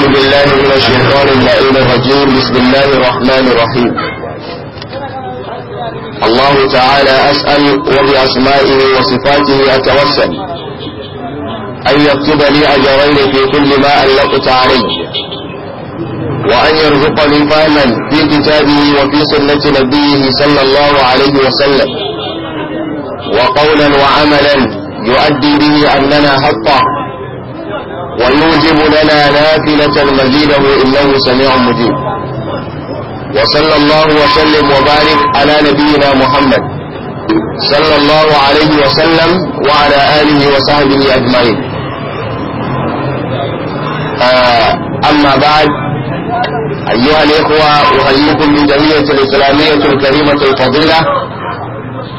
أعوذ بالله من الشيطان اللعين الرجيم بسم الله الرحمن الرحيم الله تعالى أسأل وبأسمائه وصفاته أتوسل أن يكتب لي أجرين في كل ما ألقت عليه وأن يرزقني فهما في كتابه وفي سنة نبيه صلى الله عليه وسلم وقولا وعملا يؤدي به أننا حقا ويوجب لنا نافلة مزيده إنه سميع مجيب وصلى الله وسلم وبارك على نبينا محمد صلى الله عليه وسلم وعلى آله وصحبه أجمعين آه، أما بعد أيها الإخوة أحييكم بجميع الإسلامية الكريمة الفضيلة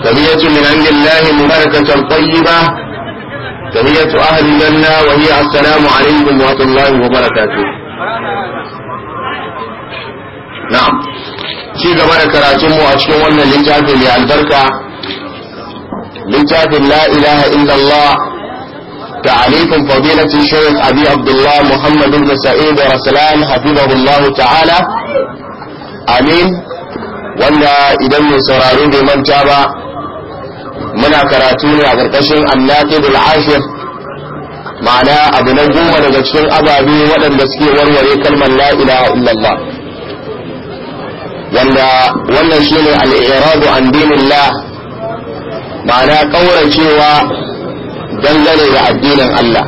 تحية من عند الله مباركة طيبة تحية أهل الجنة وهي السلام عليكم ورحمة الله وبركاته نعم ci gaba da karatunmu a cikin wannan littafin mai albarka littafin la ilaha illallah تعليق فضيلة الشيخ أبي عبد الله محمد بن سعيد رسلان حفظه الله تعالى آمين ولا إذا من سرارين بمن تابع muna karatu ne a ƙarƙashin bil ashir ma'ana abu na goma daga cikin ababe waɗanda suke warware kalmar la ilaha illallah wanda wannan shine al-i'radu an dinillah ma'ana kauracewa dangane da addinin Allah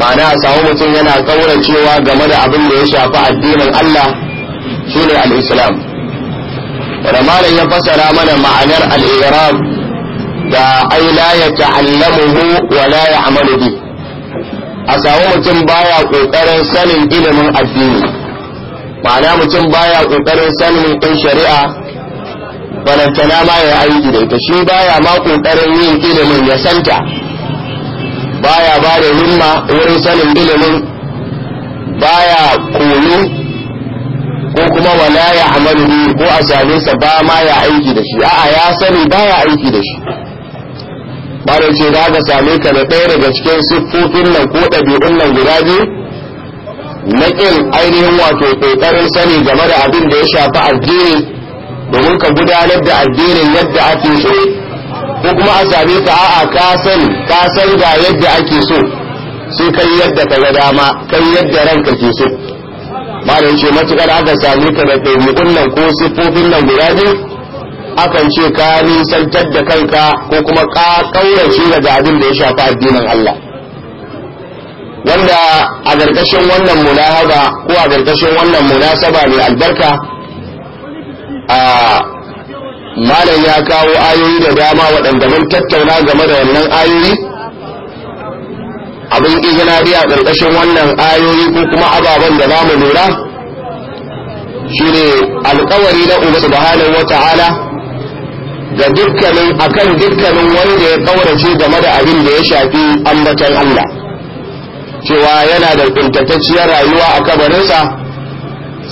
ma'ana a samu mutum yana kauracewa game da abin da ya shafi addinin Allah shine al-islam wanda malam ya fasara mana ma'anar al-i'rad da ai la ya ta'allamuhu wa la ya'malu bi a samu mutum baya kokarin sanin ilimin addini ma'ana mutum baya kokarin sanin din shari'a balantana ma ya aiki da ita shi baya ma kokarin yin ilimin ya santa baya ba da himma wurin sanin ilimin baya koyo ko kuma wala ya amalu ko a same sa ba ma ya aiki da shi a'a ya sani baya aiki da shi bare ce za ka same ka da ɗaya daga cikin siffofin nan ko ɗabi'un nan guda biyu na ƙin ainihin wato ƙoƙarin sani game da abin da ya shafi addini domin ka gudanar da addinin yadda ake so ko kuma a same ka a'a ka san ga yadda ake so sai kai yadda ka ga dama kai yadda ranka ke so bare ce matukar aka same ka da ɗabi'un nan ko siffofin nan guda biyu akan ce ka nisantar da kanka ko kuma ka kaurace daga abin da ya shafa addinin Allah wanda a gargashin wannan munahaba ko a gargashin wannan munasaba ne albarka a malam ya kawo ayoyi da dama waɗanda mun tattauna game da wannan ayoyi abin izinari a ƙarƙashin wannan ayoyi ko kuma ababen da za mu lura shine alƙawari na uba subhanahu wata'ala Da dukkanin akan dukkanin wanda ya kaurace game da abin da ya shafi ambatan Allah cewa yana da kuntatacciyar rayuwa a kabarinsa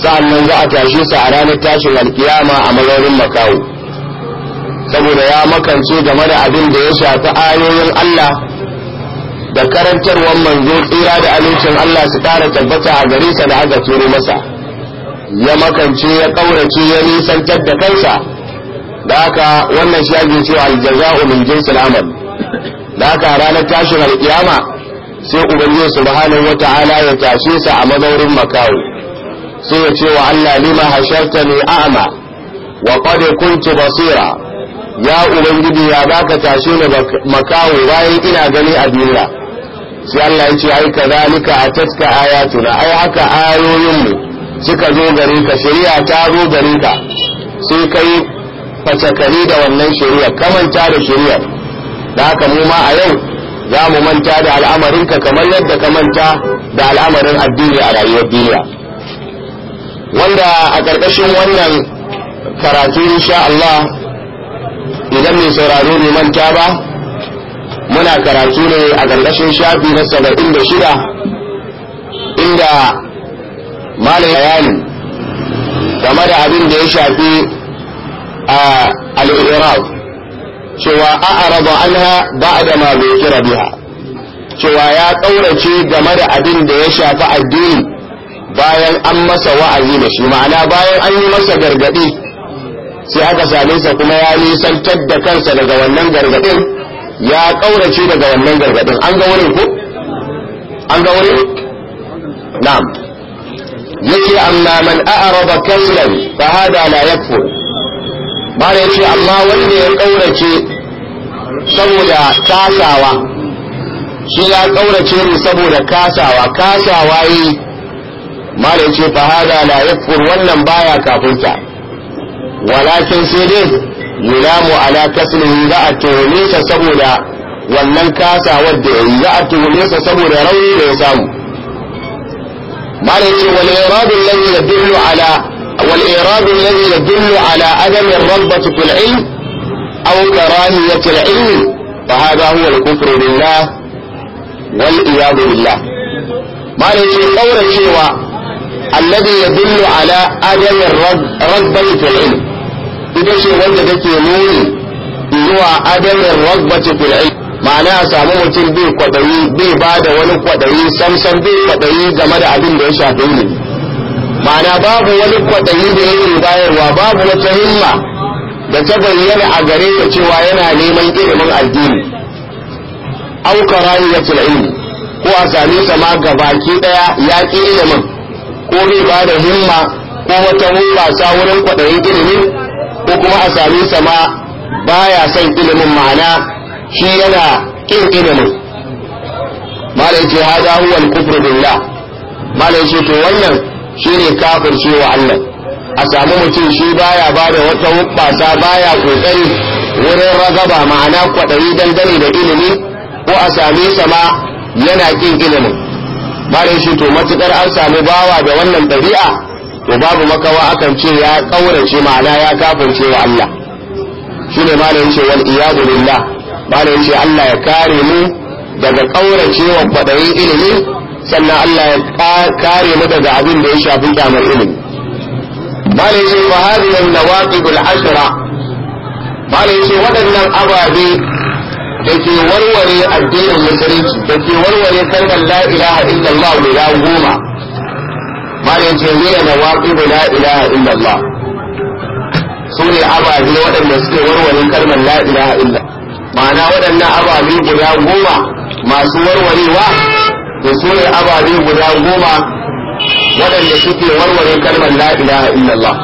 sa'annan za a tashi sa a ranar tashin alkiyama a mazaunin makawu. saboda ya makance game da abin da ya shafi ayoyin Allah da karantarwar manzo tsira da alincin Allah su kara tabbata a gare da aka turo masa ya makance ya kaurace ya nisantar da kansa da haka wannan shi ake cewa aljaza'u min jinsi al'amal da haka ranar tashin alkiyama sai ubangiji subhanahu wata'ala ya tashe sa a mazaurin makawo sai ya ce wa Allah lima hashartani a'ma wa qad kuntu basira ya ubangiji ya baka tashe ni makaho bayan ina gani a duniya sai Allah ya ce ai kadalika atatka ayatuna ai haka mu suka zo gare ka shari'a ta zo gare ka sai kai facakari da wannan shari'a kamanta da shari'a da haka mu ma a yau za mu manta da al'amarinka kamar yadda ka manta da al'amarin addini a rayuwar duniya wanda a ƙarƙashin wannan karatu insha Allah idan mai sauraro ne manta ba muna karatu ne a ƙarƙashin shafi na saba'in da shida inda malam bayani game da abin da ya shafi al-i'rab cewa araba anha da ma kira biha cewa ya kaurace game da abin da ya shafi addini bayan an masa wa'azi da shi ma'ana bayan an yi masa gargadi sai aka same sa kuma ya nisantar da kansa daga wannan gargadin ya kaurace daga wannan gargadin an ga wurin ku an ga wurin na'am yake amma man a'rada kasiran fa hada la yakfur bada ya ce amma wanda ya ƙaurace saboda kasawa shi ya ƙaurace mu saboda kasawa kasawa yi da ya ce fahada la yakfur wannan baya kafinta walakin sai dai yulamu ala kaslihi za a tuhume sa saboda wannan kasawar da yayi za a tuhume sa saboda rauni da ya samu bada ya ce wal iradu alladhi والإيراد الذي يدل على عدم الرغبة في العلم أو كراهية العلم فهذا هو الكفر بالله والعياذ بالله ما الذي قول الشيوى الذي يدل على عدم الرغبة في العلم إذا شيء وانت تكيمون هو عدم الرغبة في العلم معناها سامو تلبي قدري بي بعد bai ba da wani kwadayi samsam bai kwadayi game da ma'ana babu wani kwaɗayi da yayin bayarwa babu wata himma da ta bayyana a gare ta cewa yana neman ilimin addini au karahiyatul ilmi ko a sami sa ma baki daya ya ƙi ilimin ko bai ba da himma ko wata hubbasa wurin kwaɗayin ilimin ko kuma a sami sa ma baya son ilimin ma'ana shi yana ƙin ilimin malai ce hada huwa kufru billah malai ce to wannan shine kafir shi wa Allah a samu mutum shi baya ba da wata hubbasa baya kokari wurin ragaba ma'ana kwaɗayi dangane da ilimi ko a same sama ma yana kin ilimin bare shi to matukar an sami bawa da wannan ɗabi'a to babu makawa akan ce ya kaurace ma'ana ya kafirce wa Allah shine malamin ce wal iyadu billah malamin ce Allah ya kare mu daga kaurace wa kwaɗayin ilimi sannan Allah ya kare mu daga abin da ya shafi kyamar ilimi bala yace fa hadhihi an-nawaqib al-ashra bala yace waɗannan ababe da ke warware addinin musulunci da ke warware kalmar la ilaha illallah guda goma bala yace ne nawaqib la ilaha illallah su ne ababe waɗanda suke warware kalmar la ilaha illallah ma'ana waɗannan ababe guda goma masu warwarewa to su ne ababe guda goma waɗanda suke warware kalmar la ilaha illallah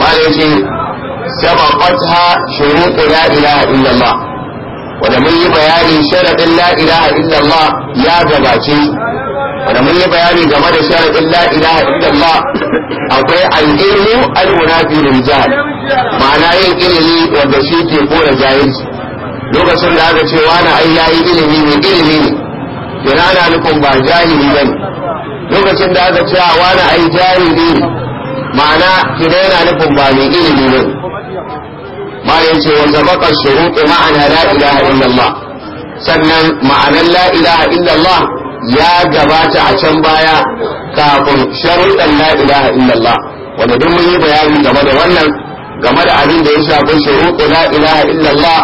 malai sama fataha shuruqu la ilaha illallah wanda mun yi bayani sharadin la ilaha illallah ya gabace wanda mun yi bayani game da sharadin la ilaha illallah akwai al-ilmu al-munafi lil jahl ma'ana yin ilimi wanda shi ke kore jahilci lokacin da aka ce wani ai yayi ilimi ne ilimi ne kira ana nufin ba jahili bane lokacin da aka cewa wani ai jahili ma'ana kira yana nufin ba mai ilimi ne ma ya ce wa sabaqar shuruqi ma'ana la ilaha illallah sannan ma'anar la ilaha illallah ya gabata a can baya kafin sharuɗan la ilaha illallah wanda duk mun yi bayani game da wannan game da abin da ya shafi shuruɗi la ilaha illallah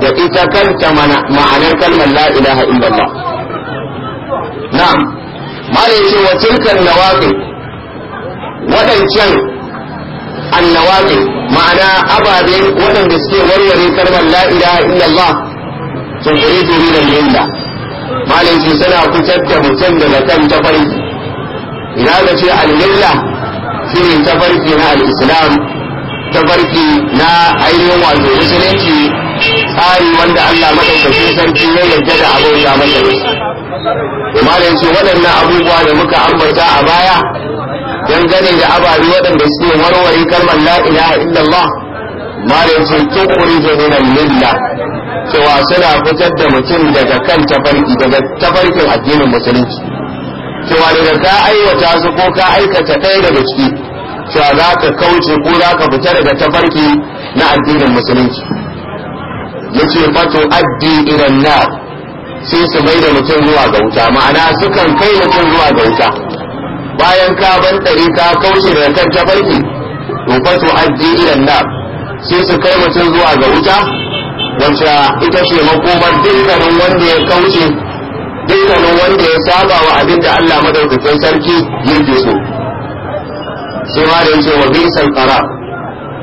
da ita kanta ma'anar kalmar la ilaha illallah na'am mala yace wa tilkan nawaqi wadancan annawaqi ma'ana ababe wadanda suke warware kalmar la ilaha illallah to turidu min al-illa suna fitar da mutum daga kan tafarki ina da ce al shine tafarki na al-islam tafarki na ainihin wato musulunci tsari wanda Allah sun sarki ya yarda da abin ya masa ne kuma da yake waɗannan abubuwa da muka ambata a baya ganin da ababe waɗanda suke warware kalmar la ilaha illallah ma da yake tukuri da al lilla cewa suna fitar da mutum daga kan tafarki daga tafarkin addinin musulunci cewa daga ka aiwata su ko ka aikata ɗaya daga ciki cewa za ka kauce ko za ka fita daga tafarki na addinin musulunci yace fatu addi ila nar sai su mai da mutum zuwa ga wuta ma'ana sukan kai mutum zuwa ga wuta bayan ka ban ɗari ka kauce da kan tabarki to fatu addi ila nar sai su kai mutum zuwa ga wuta wacce ita ce makomar dukkanin wanda ya kauce dukkanin wanda ya saba wa abin da Allah madaukakin sarki yake so sai ma da yace wa bisal qara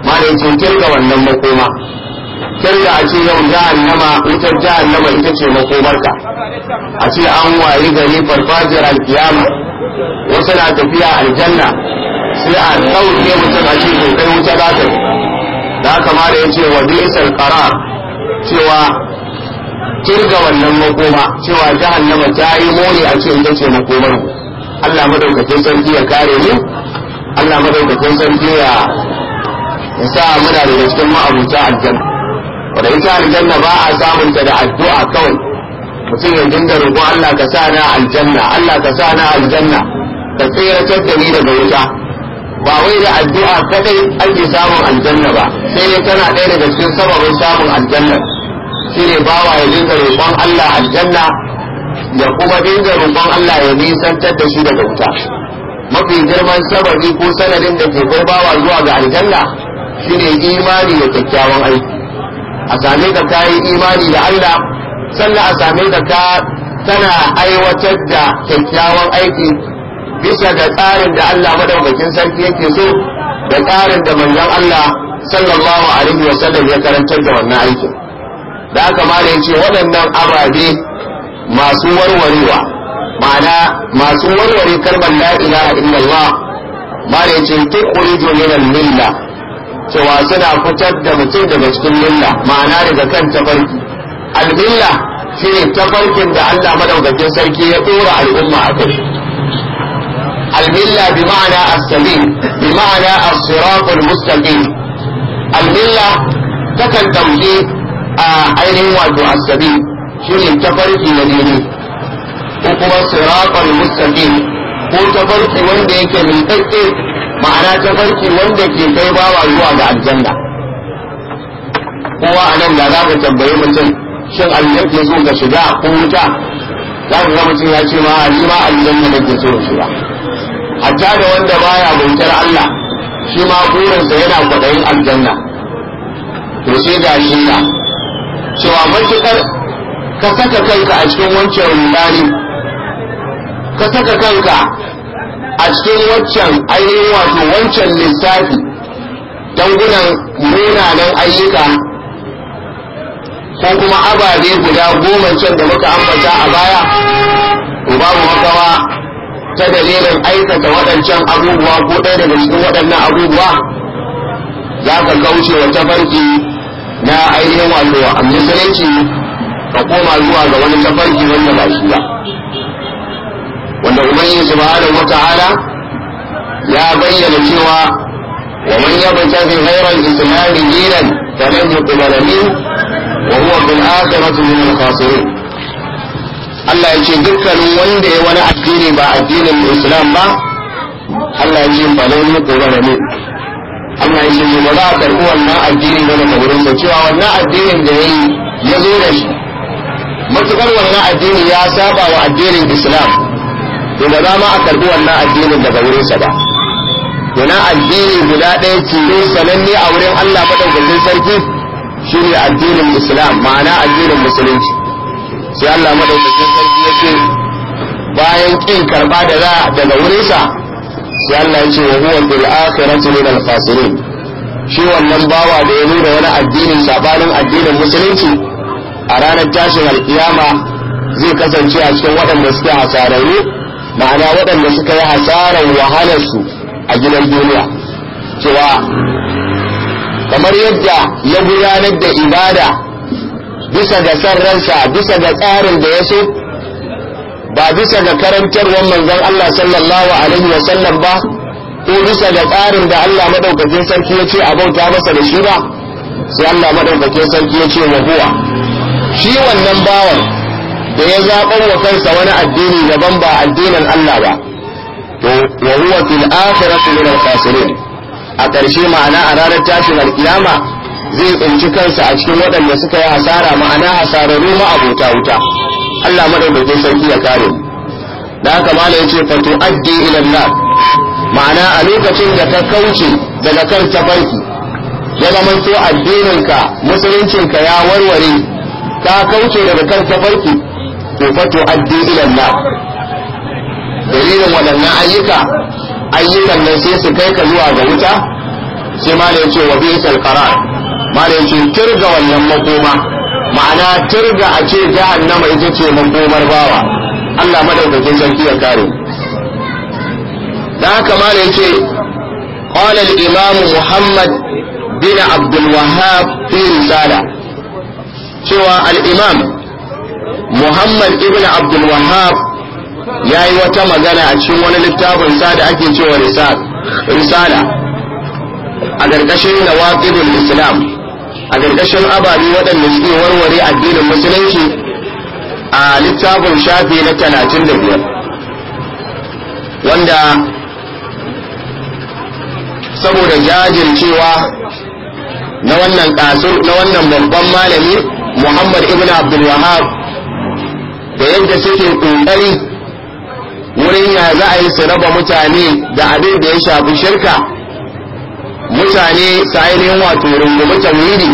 ma da kirga wannan makoma kirga a ce yau jahannama wutar jahannama ita ce makomarka a ce an wayi gari farfajiyar alkiyama wasu na tafiya aljanna sai a ɗauke mutum a cikin kai wuta za ta da aka mara ya ce wa bisar kara cewa kirga wannan makoma cewa jahannama ta yi mone a ce ita ce makomar Allah madaukakin sarki ya kare mu Allah madaukakin sarki ya ya sa muna da cikin ma'abuta aljanna da ita aljanna ba a samun ta da addu'a kawai mutum ya dinga roƙo Allah ka sa na aljanna Allah ka sa na aljanna ka da ni daga wuta ba wai da addu'a kadai ake samun aljanna ba sai dai tana ɗaya daga cikin sababin samun aljanna shine bawa ya dinga roƙon Allah aljanna ya kuma dinga roƙon Allah ya nisantar da shi daga wuta mafi girman sababi ko sanadin da ke kai bawa zuwa ga aljanna shine imani da kyakkyawan aiki a same ka ka yi imani da Allah sannan a same ka ka tana aiwatar da kyakkyawan aiki bisa ga tsarin da Allah madaukakin sarki yake so da tsarin da manzon Allah sallallahu alaihi wasallam ya karantar da wannan aikin da haka malam ce waɗannan ababe masu warwarewa ma'ana masu warware kalmar la ilaha illallah malam ce tukhriju min milla cewa suna fitar da mutum daga cikin milla ma'ana daga kan tafarki almilla shi ne tafarkin da Allah madaukakin sarki ya dora al'umma a kai almilla bi ma'ana as-sabil bi ma'ana as-sirat al-mustaqim takan dauke a ainihin wato as-sabil shi ne tafarki na dini ko kuma sirat al-mustaqim ko tafarki wanda yake miƙaƙƙe ma'ana ta farki wanda ke kai bawa zuwa ga aljanna kowa a nan da za ka tambayi mutum shin aljanna ke so ka shiga ko wuta za ka ga mutum ya ce ma ni ma aljanna da ke so ka shiga hatta da wanda baya bautar Allah shi ma burinsa yana kwaɗayin aljanna to sai ga shi na cewa matuƙar ka saka kanka a cikin wancan rudani ka saka kanka a cikin waccan ainihin wato wancan lissafi dangunan munanan ayyuka ko kuma ababe guda goma can da muka ambata a baya babu makawa ta dalilin aikata waɗancan abubuwa ko ɗaya daga cikin waɗannan abubuwa za ka kauce wa tafarki na ainihin wato a musulunci ka koma zuwa ga wani tafarki wanda ba shi ba wanda ubangiji subhanahu wata'ala ya bayyana cewa wa man yabtaghi ghayra al-islam dinan falan yuqbal minhu wa huwa bil akhirati min al-khasirin Allah ya ce dukkanin wanda ya wani addini ba addinin Islam ba Allah ya ce falan da ne Allah ya ce ba za a karɓi wannan addini ba daga wurin sa cewa wannan addinin da ya yi ya zo da shi matukar wannan addini ya saba wa addinin Islam to ba ma a karbi wannan addinin daga wurinsa ba ina addini guda ɗaya tilo sananne a wurin Allah madaukakin sarki shine addinin Islam ma'ana addinin musulunci sai Allah madaukakin sarki ya ce bayan kin karba da za daga wurinsa sai Allah ya ce wa huwa bil akhirati min al fasirin shi wannan bawa da ya nuna wani addinin sabanin addinin musulunci a ranar tashin alkiyama zai kasance a cikin waɗanda suke hasararru ma'ana waɗanda suka yi hasarar wahalarsu a gidan duniya cewa kamar yadda ya gudanar da ibada bisa ga san ransa bisa ga tsarin da ya so ba bisa ga karantarwar manzon Allah sallallahu alaihi wa sallam ba ko bisa ga tsarin da Allah madaukakin sarki ya ce a bauta masa da shi ba sai Allah madaukakin sarki ya ce wa huwa shi wannan bawan da ya zaɓan wa kansa wani addini daban ba addinin Allah ba to wa huwa fil akhirati min al khasirin a ƙarshe ma'ana a ranar tashin alkiyama zai tsinci kansa a cikin waɗanda suka yi hasara ma'ana hasararru abuta wuta Allah madaukakin sarki ya kare mu da haka mala yace fa addi ila nar ma'ana a lokacin da ka kauce daga kan tafarki ya zamanto addininka ka ya warware ka kauce daga kan tafarki to fa tu'addi ila Allah dalilin waɗannan ayyuka ayyukan nan sai su kai ka zuwa ga wuta sai ma yace wa bi'sal qarar ma yace kirga wannan makoma ma'ana kirga a ce jahannama ita ce makomar bawa Allah madaukakin sarki ya kare da haka ma yace قال الإمام محمد بن عبد الوهاب في رسالة سوى الإمام muhammad ibn abdul wahab ya yi wata magana a cikin wani littafin sa da ake cewa risala a ƙarƙashin nawaqidul islam a ƙarƙashin ababi waɗanda suke warware addinin musulunci a littafin shafi na talatin da biyar wanda saboda jajircewa na wannan na wannan babban malami muhammad ibn abdul wahab da yadda suke kokari wurin ya za a yi su raba mutane da abin da ya shafi shirka mutane su ainihin wato rungumi tauhidi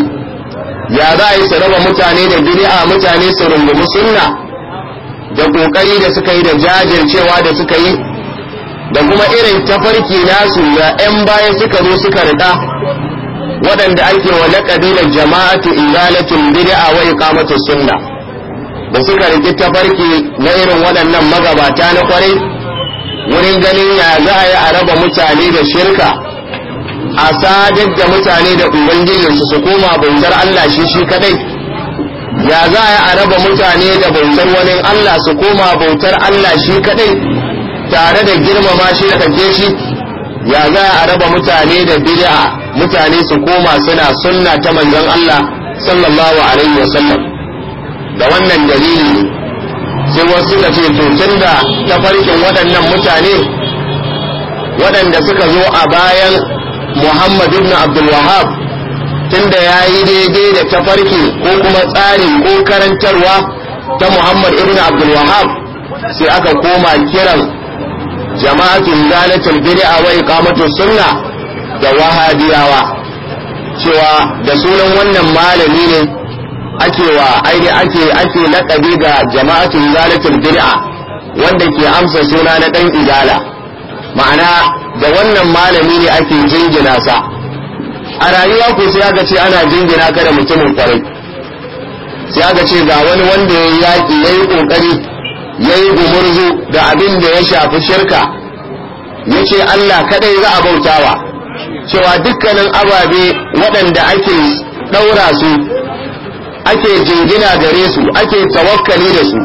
ya za a yi su raba mutane da bid'a mutane su rungumi sunna da kokari da suka yi da jajircewa da suka yi da kuma irin tafarki nasu da 'yan baya suka zo suka rida waɗanda ake wa laƙabi da jama'atu izalatul bid'a wa iqamatus sunna da suka rike tafarki na irin waɗannan magabata na kwarai wurin ganin ya za a yi a raba mutane da shirka a sadar da mutane da ubangijinsu su koma bautar Allah shi shi kadai ya za a yi a raba mutane da bautar wani Allah su koma bautar Allah shi kadai tare da girmama shi da kake shi ya za a raba mutane da bid'a mutane su koma suna sunna ta manzon Allah sallallahu alaihi wasallam da wannan dalili sai wasu da ce to ta tafarkin waɗannan mutane waɗanda suka zo a bayan Muhammad ibn Abdul tunda ya yi daidai da tafarki ko kuma tsarin ko karantarwa ta Muhammad ibn Abdulwahab sai aka koma kiran jama'atun zalatul bid'a wa iqamatus sunna da wahabiyawa cewa da sunan wannan malami ne ake wa aini ake ake ga jama'atun zalatul bid'a wanda ke amsa suna na dan idala ma'ana da wannan malami ne ake jingina sa a rayuwa ko sai ga ce ana jingina ka da mutumin kwarai sai ga ce ga wani wanda ya yaki yayi yi ƙoƙari ya gumurzu da abin da ya shafi shirka yace Allah kaɗai za a bautawa cewa dukkanin ababe waɗanda ake ɗaura su ake jingina gare su ake tawakkali da su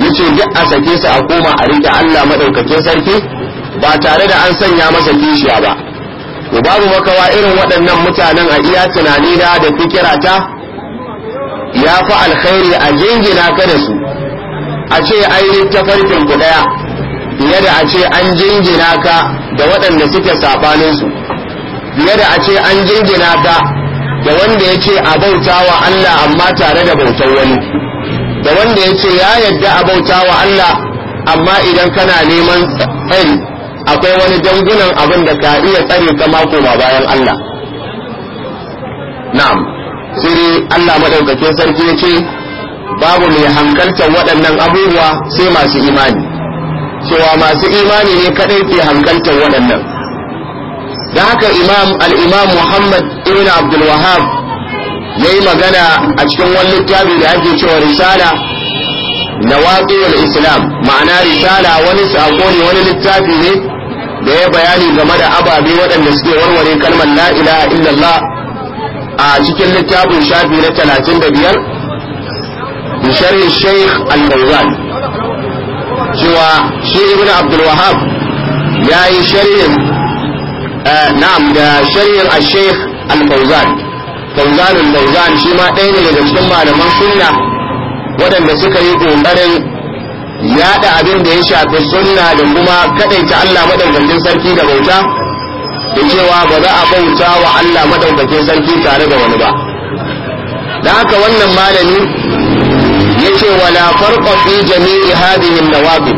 yace duk a sake su a koma a rike Allah madaukakin sarki ba tare da an sanya masa kishiya ba to babu makawa irin waɗannan mutanen a iya tunani da da fikirata ya fa alkhairi a jingina ka da su a ce ai tafarkin ku daya fiye da a ce an jingina ka da waɗanda suke sabanin su fiye da a ce an jingina ka da wanda ya ce a bauta wa Allah amma tare da bautar wani da wanda ya ce ya yadda a bauta wa Allah amma idan kana neman tsari akwai wani dangunan abin da ka iya tsare ka mako ba bayan Allah na'am sai Allah madaukakin sarki ya ce babu mai hankaltar waɗannan abubuwa sai masu imani cewa masu imani ne kaɗai ke hankaltar waɗannan da haka imam imam Muhammad ibn abdulwahab ya yayi magana a cikin wani littafi da ake cewa risala nawaqiyul islam ma'ana risala wani sako ne wani littafi ne da ya bayani game da ababe waɗanda suke warware kalmar la ilaha illallah a cikin littafin shafi na 35 بشرح sheikh الفوزان cewa shi ibn abdul wahab ya yi sharhin Eh, na'am da sharhin al-sheikh al-fawzan fawzan al-fawzan shi ma ɗaya ne daga cikin malaman sunna waɗanda suka yi ƙoƙarin yaɗa abin da ya shafi sunna da kuma kaɗaita Allah madaukakin sarki da bauta da cewa ba za a bauta wa Allah madaukakin sarki tare da wani ba da haka wannan malami yace wala farqa fi jami'i hadhihi an-nawaqib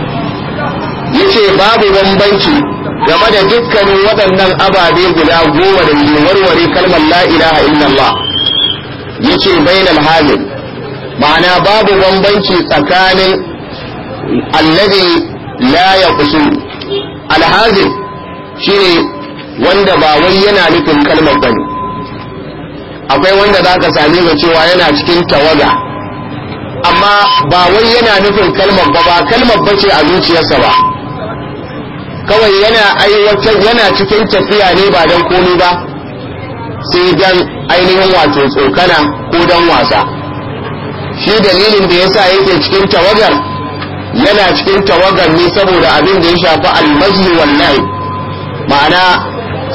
yace babu bambanci game da dukkanin waɗannan ababe guda goma da ke warware kalmar la ilaha illallah yace bainal hamil ma'ana babu bambanci tsakanin alladhi la alhazi shi ne wanda ba wai yana nufin kalmar bane akwai wanda za ka same ga cewa yana cikin tawaga amma ba wai yana nufin kalmar ba ba kalmar bace a zuciyarsa ba kawai yana aiwatar yana cikin tafiya ne ba don komi ba sai dan ainihin wato tsokana ko dan wasa shi dalilin da yasa yake cikin tawagar yana cikin tawagar ne saboda abin da ya shafi almajli wal ma'ana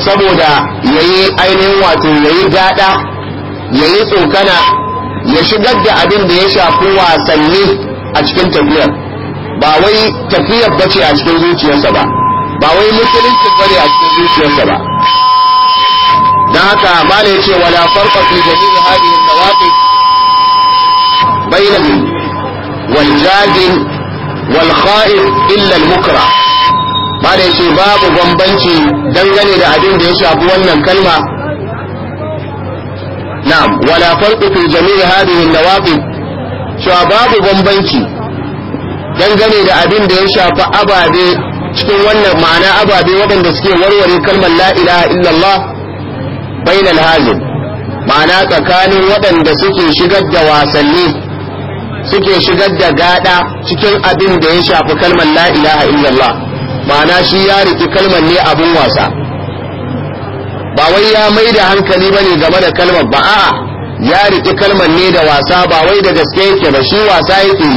saboda yayi ainihin wato yayi gada yayi tsokana ya shigar da abin da ya shafi wasanni a cikin tafiyar ba wai tafiyar bace a cikin zuciyarsa ba ba wai musulunci bane a cikin zuciyarsa ba dan haka mala ce wala farqa fi jami'i hadhihi an-nawaqid bainal wal jahil wal kha'ib illa al-mukrah ne ce babu bambanci dangane da abin da ya shafi wannan kalma na'am wala farqa fi jami'i hadhihi an-nawaqid cewa babu bambanci dangane da abin da ya shafi ababe cikin wannan ma'ana ababe waɗanda suke warware kalmar la ilaha illallah bainal ma'ana tsakanin waɗanda suke shigar da wasanni suke shigar da gada cikin abin da ya shafi kalmar la ilaha illallah ma'ana shi ya riki kalmar ne abin wasa ba wai ya mai da hankali bane game da kalmar ba a'a ya riki kalmar ne da wasa ba wai da gaske yake ba shi wasa yake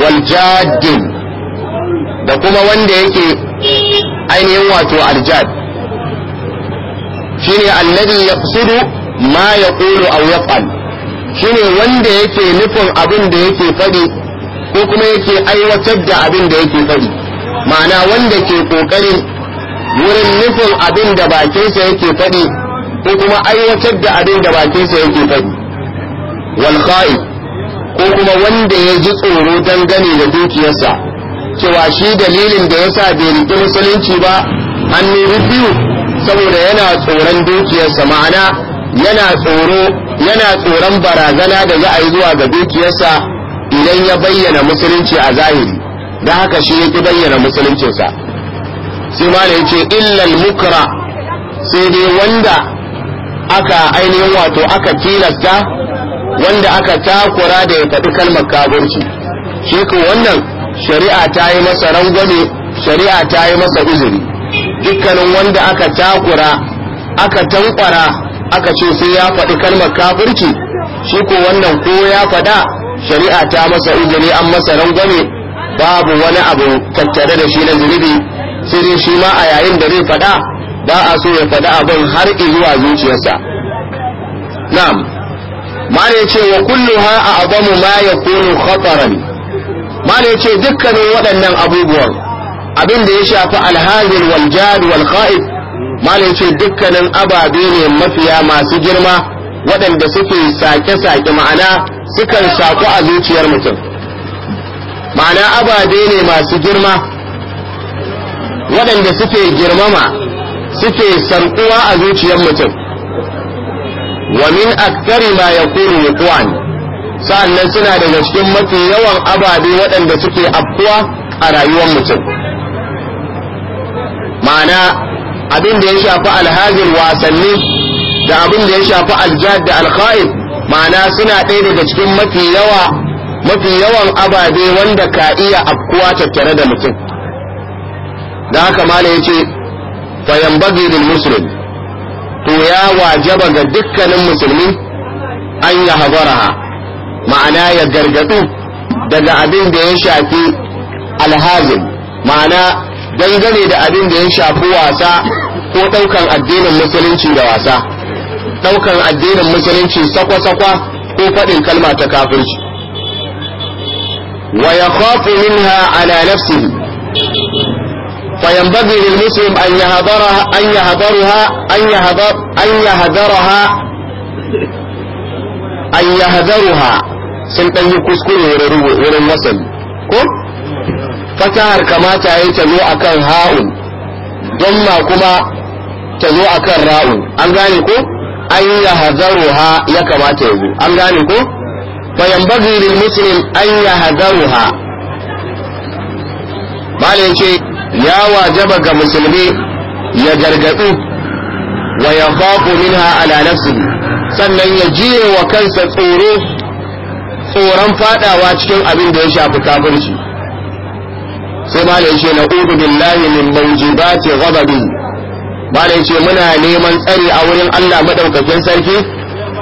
wal da kuma wanda yake ainihin wato aljad shine alladhi yaqsidu ma yaqulu aw yaf'al shine wanda yake nufin abin da yake fadi ko kuma yake aiwatar da abin da yake fadi ma'ana wanda ke kokari wurin nufin abin da bakinsa yake fadi ko kuma aiwatar da abin da bakinsa yake fadi wal ko kuma wanda ya ji tsoro dangane da dukiyarsa cewa shi dalilin da yasa bai riƙi musulunci ba an nemi biyu saboda yana tsoron dukiyarsa ma'ana yana tsoro yana tsoron barazana da za a yi zuwa ga dukiyarsa idan ya bayyana musulunci a zahiri da haka shi ya bayyana musuluncinsa sai ma da illal mukra sai dai wanda aka ainihin wato aka tilasta wanda aka takura da ya faɗi kalmar kafirci shi ko wannan shari'a ta yi masa rangwame shari'a ta yi masa izini dukkanin wanda aka takura aka tankwara aka ce sai ya faɗi kalmar kafirci shi ko wannan ko ya faɗa shari'a ta masa izini an masa rangwame babu wani abu tattare da shi na zunubi sai shi ma a yayin da zai faɗa ba a so ya faɗi abin har zuwa zuciyarsa na'am ma ne ce wa ha a abamu ma yakunu khataran mala yace dukkanin waɗannan abubuwan abin da ya shafi alhazir wal jar wal kha'ib mala yace dukkanin ababe ne mafiya masu girma waɗanda suke sake-sake ma'ana sukan saku a zuciyar mutum ma'ana ababe ne masu girma waɗanda suke girmama suke sarkuwa a zuciyar mutum wa min aktari ma ya wuquan sa'annan suna daga cikin mafi yawan ababe waɗanda suke afkuwa a rayuwar mutum ma'ana abin da ya shafi alhazir wasanni da abin da ya shafi aljad da alkha'ib ma'ana suna ɗaya daga cikin mafi yawa mafi yawan ababe wanda ka iya afkuwa tattare da mutum da haka mala ya ce fayan lil musulun to ya wajaba ga dukkanin musulmi an ya habaraha ma'ana ya gargadu daga abin da ya shafi alhazin ma'ana dangane da abin da ya shafi wasa ko ɗaukan addinin musulunci da wasa ɗaukan addinin musulunci sakwa-sakwa ko faɗin kalma ta kafirci wa ya minha ala nafsihi lil muslim an yahdara an يهدرها an yahdar an يهدرها an يهدرها sun dan yi kuskure wurin wasan ko fatahar kamata ya ta zo akan ha'un ma kuma ta zo akan ra'un an gane ko an ya ha ya kamata ya zo an gane ko bayan bagirin muslim an ya hazaruha malai ce ya wajaba ga musulmi ya gargadu wa ya minha ala nafsihi sannan ya jiye wa kansa tsoro tsoron fadawa cikin abin da ya shafi kafirci sai mala na ubu billahi min mawjibati ghadabi mala ce muna neman tsari a wurin Allah madaukakin sarki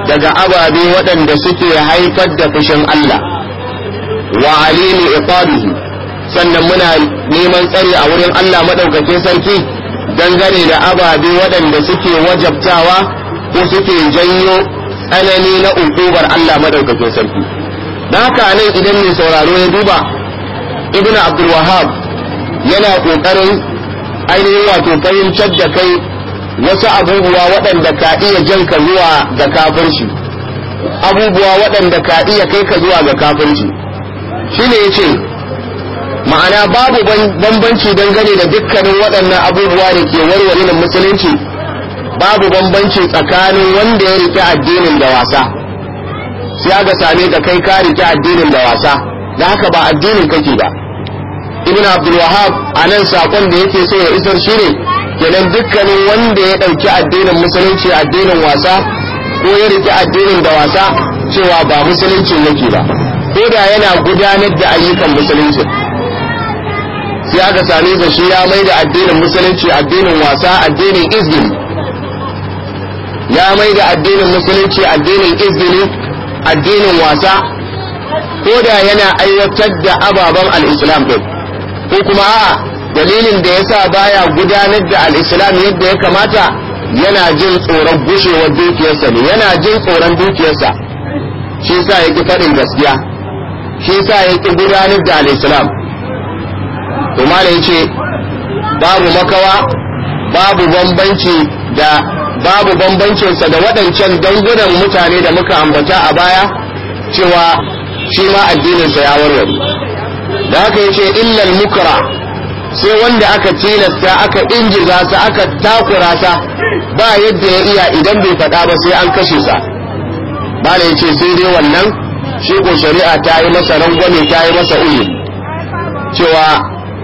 daga ababe waɗanda suke haifar da fushin Allah wa alimi iqabihi sannan muna neman tsari a wurin Allah madaukakin sarki dangane da ababe waɗanda suke wajabtawa ko suke janyo tsanani na ukubar Allah madaukakin sarki da haka nan idan mai sauraro ya duba ibn abdul wahab yana kokarin ainihin wato fahimtar da kai wasu abubuwa waɗanda ka iya jan ka zuwa ga kafirci abubuwa waɗanda ka iya kai ka zuwa ga kafirci shine yace ma'ana babu bambanci dangane da dukkanin waɗannan abubuwa da ke warware musulunci babu bambanci tsakanin wanda ya rike addinin da wasa sai aka same ka kai ka rike addinin da wasa da haka ba addinin kake ba ibn abdul wahab anan sakon da yake so ya isar shine kenan dukkanin wanda ya dauki addinin musulunci addinin wasa ko ya rike addinin da wasa cewa ba musulunci yake ba ko da yana gudanar da ayyukan musulunci sai aka same sa shi ya mai da addinin musulunci addinin wasa addinin izini ya mai da addinin musulunci addinin izini addinin wasa ko da yana aiwatar da ababen al'islam din ko kuma a'a dalilin da yasa baya gudanar da al'islam yadda ya kamata yana jin tsoron gushewar dukiyarsa ne yana jin tsoron dukiyarsa shi sa ya ki faɗin gaskiya shi sa ya ki gudanar da al'islam to ya ce babu makawa babu bambanci da babu bambancinsa da waɗancan dangunan mutane da muka ambata a baya cewa shi ma addininsa ya warware da haka ya ce illal mukra sai wanda aka tilasta aka injiza sa aka takura sa ba yadda ya iya idan bai faɗa ba sai an kashe sa bala ya ce sai dai wannan shi ko shari'a ta yi masa rangwame ta yi masa uyu cewa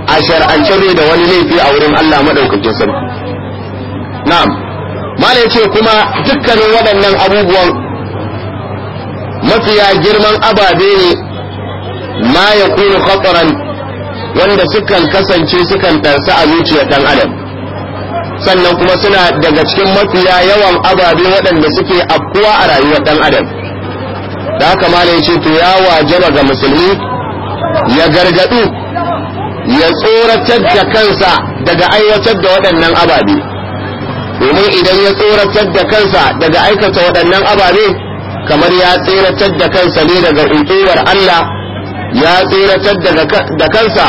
a shar'ance bai da wani laifi a wurin Allah maɗaukakin sarki na'am mala ce kuma dukkanin waɗannan abubuwan mafiya girman ababe ne ma ya kunu khataran wanda sukan kasance sukan tarsa a zuciyar dan adam sannan kuma suna daga cikin mafiya yawan ababe waɗanda suke afkuwa a rayuwar ɗan adam da haka mala yace to ya wajaba ga musulmi ya gargaɗu ya tsoratar da kansa daga aiwatar da waɗannan ababe domin idan ya tsoratar da kansa daga aikata waɗannan ababe kamar ya tsoratar da kansa ne daga ikiwar Allah ya tsoratar da kansa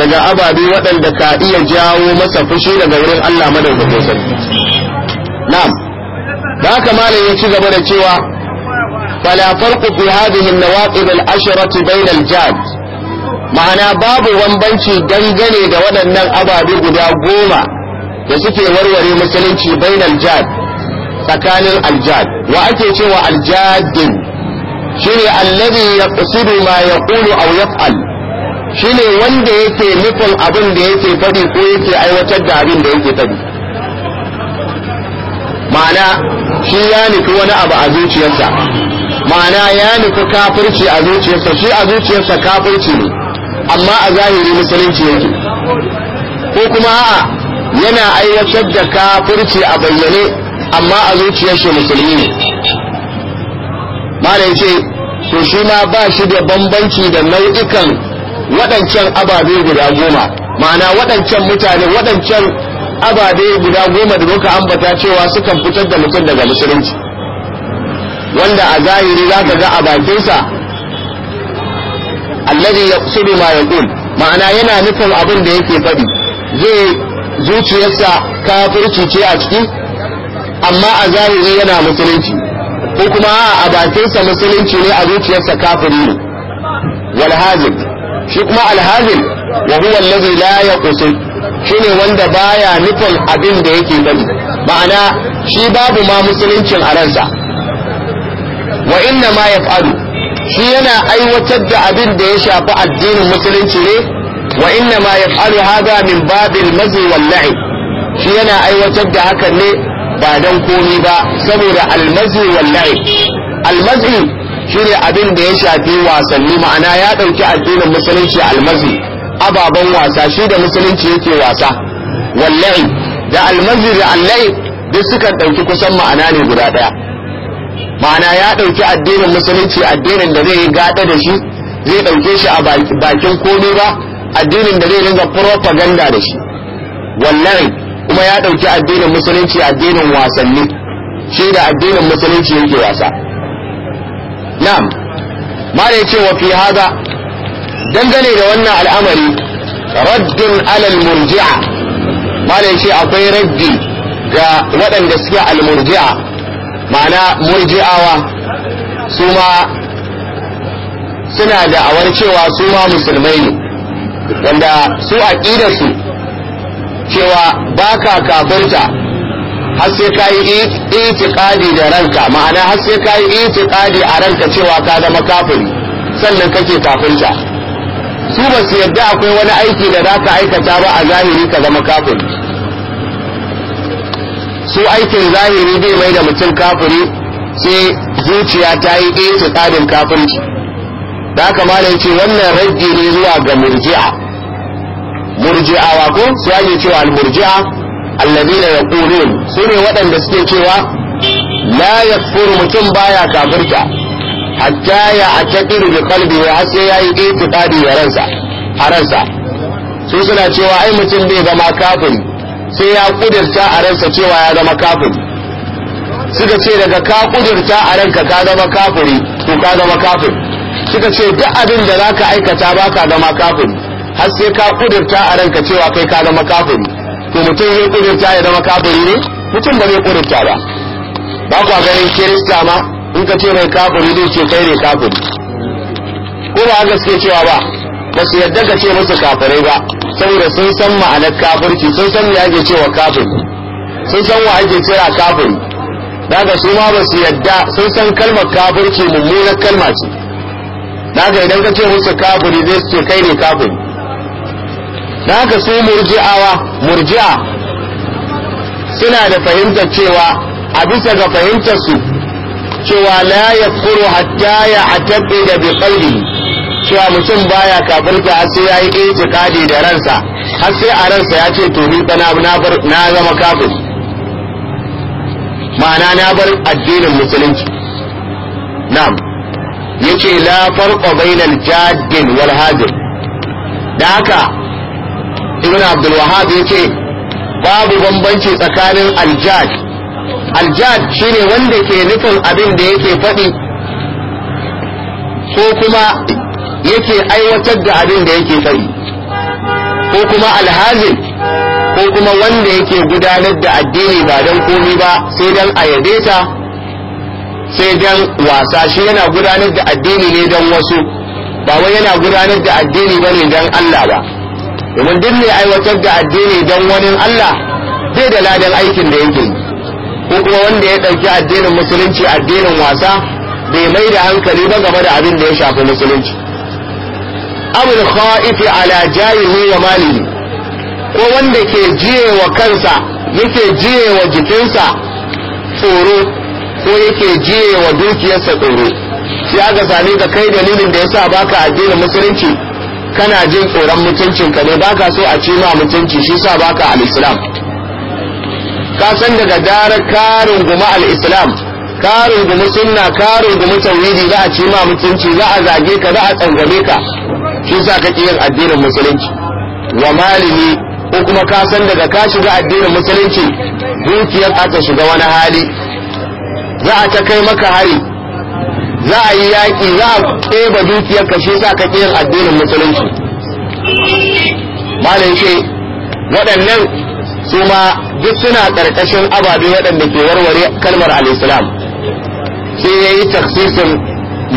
daga ababe waɗanda ka iya jawo masa fushi daga wurin Allah madaukakin sarki na'am da haka malam ya ci gaba da cewa fala farqu fi hadhihi an-nawaqib al-ashrati bayna al-jad ma'ana babu bambanci dangane da waɗannan ababe guda goma da suke warware musulunci bainal aljad tsakanin aljad wa ake cewa aljadin ne allazi kusuru ma yaqulu al. yaf'al ne wanda yake nufin abin da yake faɗi ko yake aiwatar da abin da yake fadi ma'ana shi ya nufi wani abu a zuciyarsa ma'ana ya nufi kafirci a zuciyarsa shi a zuciyarsa kafirci ne amma a zahiri musulunci yake ko kuma a'a yana aiwatar da kafirci a bayyane amma a zuciyar shi musulmi ne malam ce to shi ma ba shi da bambanci da nau'ikan waɗancan ababe guda goma ma'ana waɗancan mutane waɗancan ababe guda goma da muka ambata cewa sukan fitar da mutum daga musulunci wanda a zahiri za ka ga a bakinsa alladhi yaqsudu ma yaqul ma'ana yana nufin abin da yake faɗi zai zuciyarsa kafirci ce a ciki amma a zahiri yana musulunci ko kuma a bakinsa musulunci ne a zuciyarsa kafiri ne walhazin shi kuma alhazin wa huwa allazi la yaqsud shine wanda baya nufin abin da yake bari ma'ana shi babu ma musuluncin a ransa wa inna ma yaf'alu shi yana aiwatar da abin da ya shafi addinin musulunci ne wa inna ma yaf'alu haza min babil mazi wallahi shi yana aiwatar da hakan ne ba dan komi ba saboda al wallahi. Almazi la'ib abin da ya shafi wasanni ma'ana ya ɗauki addinin musulunci almazi ababan wasa shi da musulunci yake wasa wallahi. da almazi da allai duk sukan ɗauki kusan ma'ana ne guda ɗaya ma'ana ya ɗauki addinin musulunci addinin da zai gada da shi zai ɗauke shi a bakin komi ba addinin da zai ringa propaganda da shi wallahi kuma ya ɗauki addinin musulunci addinin wasanni shi da addinin musulunci yake wasa na'am ma da ce wa fi haza dangane da wannan al'amari raddin alal murji'a ma ce akwai raddi ga waɗanda suke al murji'a ma'ana murji'awa su ma suna da awar cewa su ma musulmai ne wanda su aqidar su cewa ba ka kafirta har sai ka yi itiqadi da ranka ma'ana har sai ka yi itiqadi a ranka cewa ka zama kafiri sannan kake kafirta su ba su yadda akwai wani aiki da za ka aikata ba a zahiri ka zama kafiri su aikin zahiri bai mai da mutum kafiri sai zuciya ta yi itiqadin kafirci da haka malam ce wannan raddi ne zuwa ga murji'a wa ko su ake cewa al-murji'a alladina yaqulun sune waɗanda suke cewa la yakfuru mutum baya kafirta hatta ya atakir bi qalbi wa sai yayi itiqadi ya ransa a ransa su suna cewa ai mutum bai zama kafin sai ya kudirta a ransa cewa ya zama kafin suka ce daga ka kudirta a ranka ka zama kafiri to ka zama kafin suka ce duk abin da za ka aikata ba ka zama kafiri har sai ka kudurta a ranka cewa kai ka zama kafiri to mutum ya kudurta ya zama kafiri ne mutum ba zai kudurta ba ba kwa ganin kirista ma in ka ce mai kafiri ne ce kai ne kafiri ko ba gaske cewa ba ba su yadda ka ce musu kafirai ba saboda sun san ma'anar kafirci sun san me ake cewa kafiri sun san wa ake cewa kafiri daga su ma ba su yadda sun san kalmar kafirci mummunar kalma ce daga idan ka ce musu kafiri zai ce kai ne kafiri daga su murji'awa murji'a suna da fahimtar cewa a bisa ga fahimtar su cewa la yakfuru hatta ya atabi da bi qalbi cewa mutum baya kafirta har sai yayi itikadi da ransa har sai a ransa ya ce to ni na na zama kafir ma'ana na bar addinin musulunci na'am yace la farqa bainal jaddin wal da haka ibn abdul wahhab yake babu bambanci tsakanin al aljad shine wanda ke nufin abin da yake faɗi ko kuma yake aiwatar da abin da yake faɗi ko kuma alhazin ko kuma wanda yake gudanar da addini ba dan komi ba sai dan a ta sai dan wasa shi yana gudanar da addini ne dan wasu ba wai yana gudanar da addini bane dan Allah ba domin duk ne aiwatar da addini dan wani Allah zai da ladan aikin da yake ko kuma wanda ya ɗauki addinin musulunci addinin wasa bai mai da hankali ba game da abin da ya shafi musulunci abul khaifi ala jayihi wa malihi ko wanda ke jiye wa kansa yake jiye wa jikinsa tsoro ko yake jiye wa dukiyarsa tsoro sai aka same ka kai dalilin da yasa baka addinin musulunci kana jin tsoron mutuncin ka ne baka so a ci ma mutunci shi sa baka al-islam ka san daga darar karin guma al-islam karin gumi sunna karin gumi tawhidi za a ci ma mutunci za a zage ka za a tsangwame ka shi sa kake yin addinin musulunci wa malimi ko kuma ka san daga ka shiga addinin musulunci dukiyar aka shiga wani hali za a ta kai maka hari za a yi yaƙi za a ɗeba dukiyar kashe sa ka yin addinin musulunci malam ce waɗannan su ma duk suna ƙarƙashin ababe waɗanda ke warware kalmar al-islam sai ya yi taksisin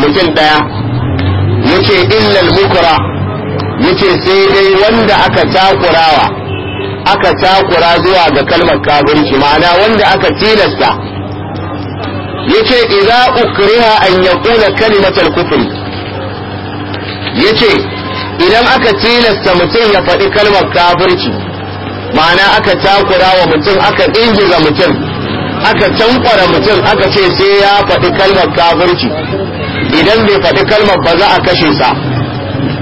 mutum ɗaya ce illal bukura ce sai dai wanda aka takurawa aka takura zuwa ga kalmar kafirci ma'ana wanda aka tilasta yace idza ukriha an yaqula kalimatal kufri yace idan aka tilasta mutum ya faɗi kalmar kafirci ma'ana aka takura wa mutum aka ingiza mutum aka tankwara mutum aka ce sai ya faɗi kalmar kafirci idan bai faɗi kalmar ba za a kashe sa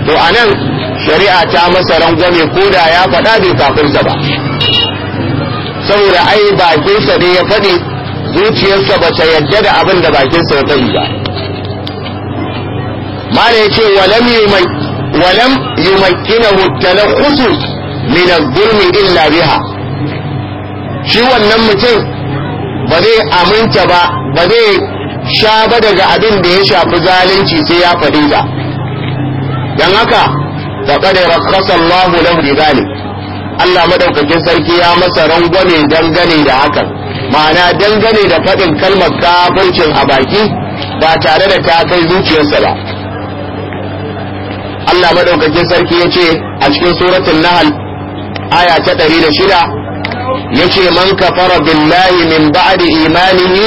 to anan shari'a ta masa rangwame ko da ya faɗa bai kafirta ba saboda ai bakinsa ne ya faɗi zuciyarsa ba ta yadda da abin da bakinsa ya faɗi ba mala ya ce walam yumakkinahu talakhusu min al zulmi illa biha shi wannan mutum ba zai aminta ba ba zai sha ba daga abin da ya shafi zalunci sai ya faɗi ba dan haka faqad rakhasa Allahu lahu bi Allah madaukakin sarki ya masa rangwame dangane da hakan ma'ana dangane da faɗin kalmar kafircin a baki ba tare da ta kai zuciyarsa ba Allah maɗaukakin sarki ya ce a cikin suratul nahl aya ta ya yace man kafara billahi min ba'di imanihi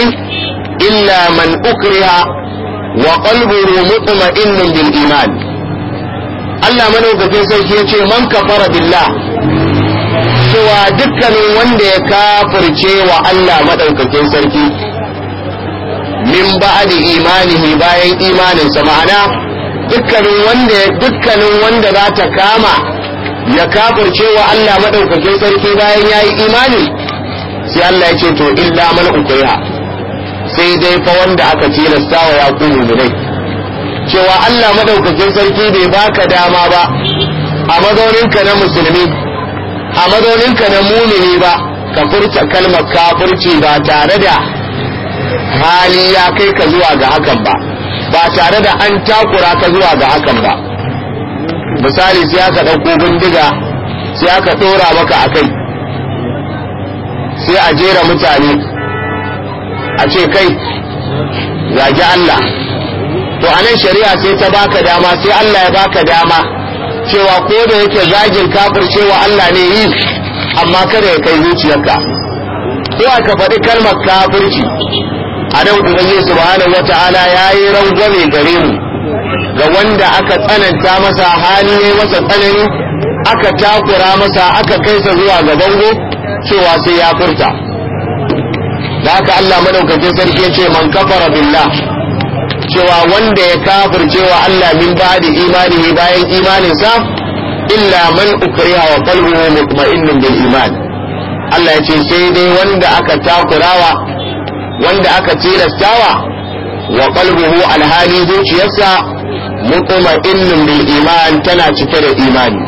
illa man ukriha wa qalbuhu mutma'innun bil iman Allah maɗaukakin sarki ya ce man kafara billah cewa dukkanin wanda ya kafirce wa Allah madaukakin sarki min ba'di imanihi bayan imaninsa ma'ana dukkanin wanda dukkanin wanda za ta kama ya kafirce wa Allah maɗaukakin sarki bayan yayi imani sai Allah ya ce to illa man ukriha sai dai fa wanda aka tilasta wa ya mu'minai cewa Allah maɗaukakin sarki bai baka dama ba a mazauninka na musulmi a mazauninka na mumini ba ka furta kalmar kafirci ba tare da hali ya kai ka zuwa ga hakan ba ba tare da an takura ka zuwa ga hakan ba misali sai aka ɗauko bindiga sai aka ɗora maka a kai sai a jera mutane a ce kai zagi Allah to anan shari'a sai ta baka dama sai Allah ya baka dama cewa ko da yake zagin kafir cewa Allah ne yi amma kada ya kai zuciyarka ko aka faɗi kalmar kafirci a nan ubangiji subhanahu wata'ala yayi rangwame gare mu ga wanda aka tsananta masa hali ne masa tsanani aka takura masa aka kai sa zuwa ga bango cewa sai ya furta da haka Allah madaukakin sarki ya ce man kafara billah cewa wanda ya cewa Allah min ba'di imanihi bayan imaninsa illa man ukriha wa qalbuhu mutma'innun bil iman Allah ya ce sai dai wanda aka takurawa wanda aka tilastawa wa qalbuhu alhali zuciyarsa mutma'innun bil iman tana cike da imani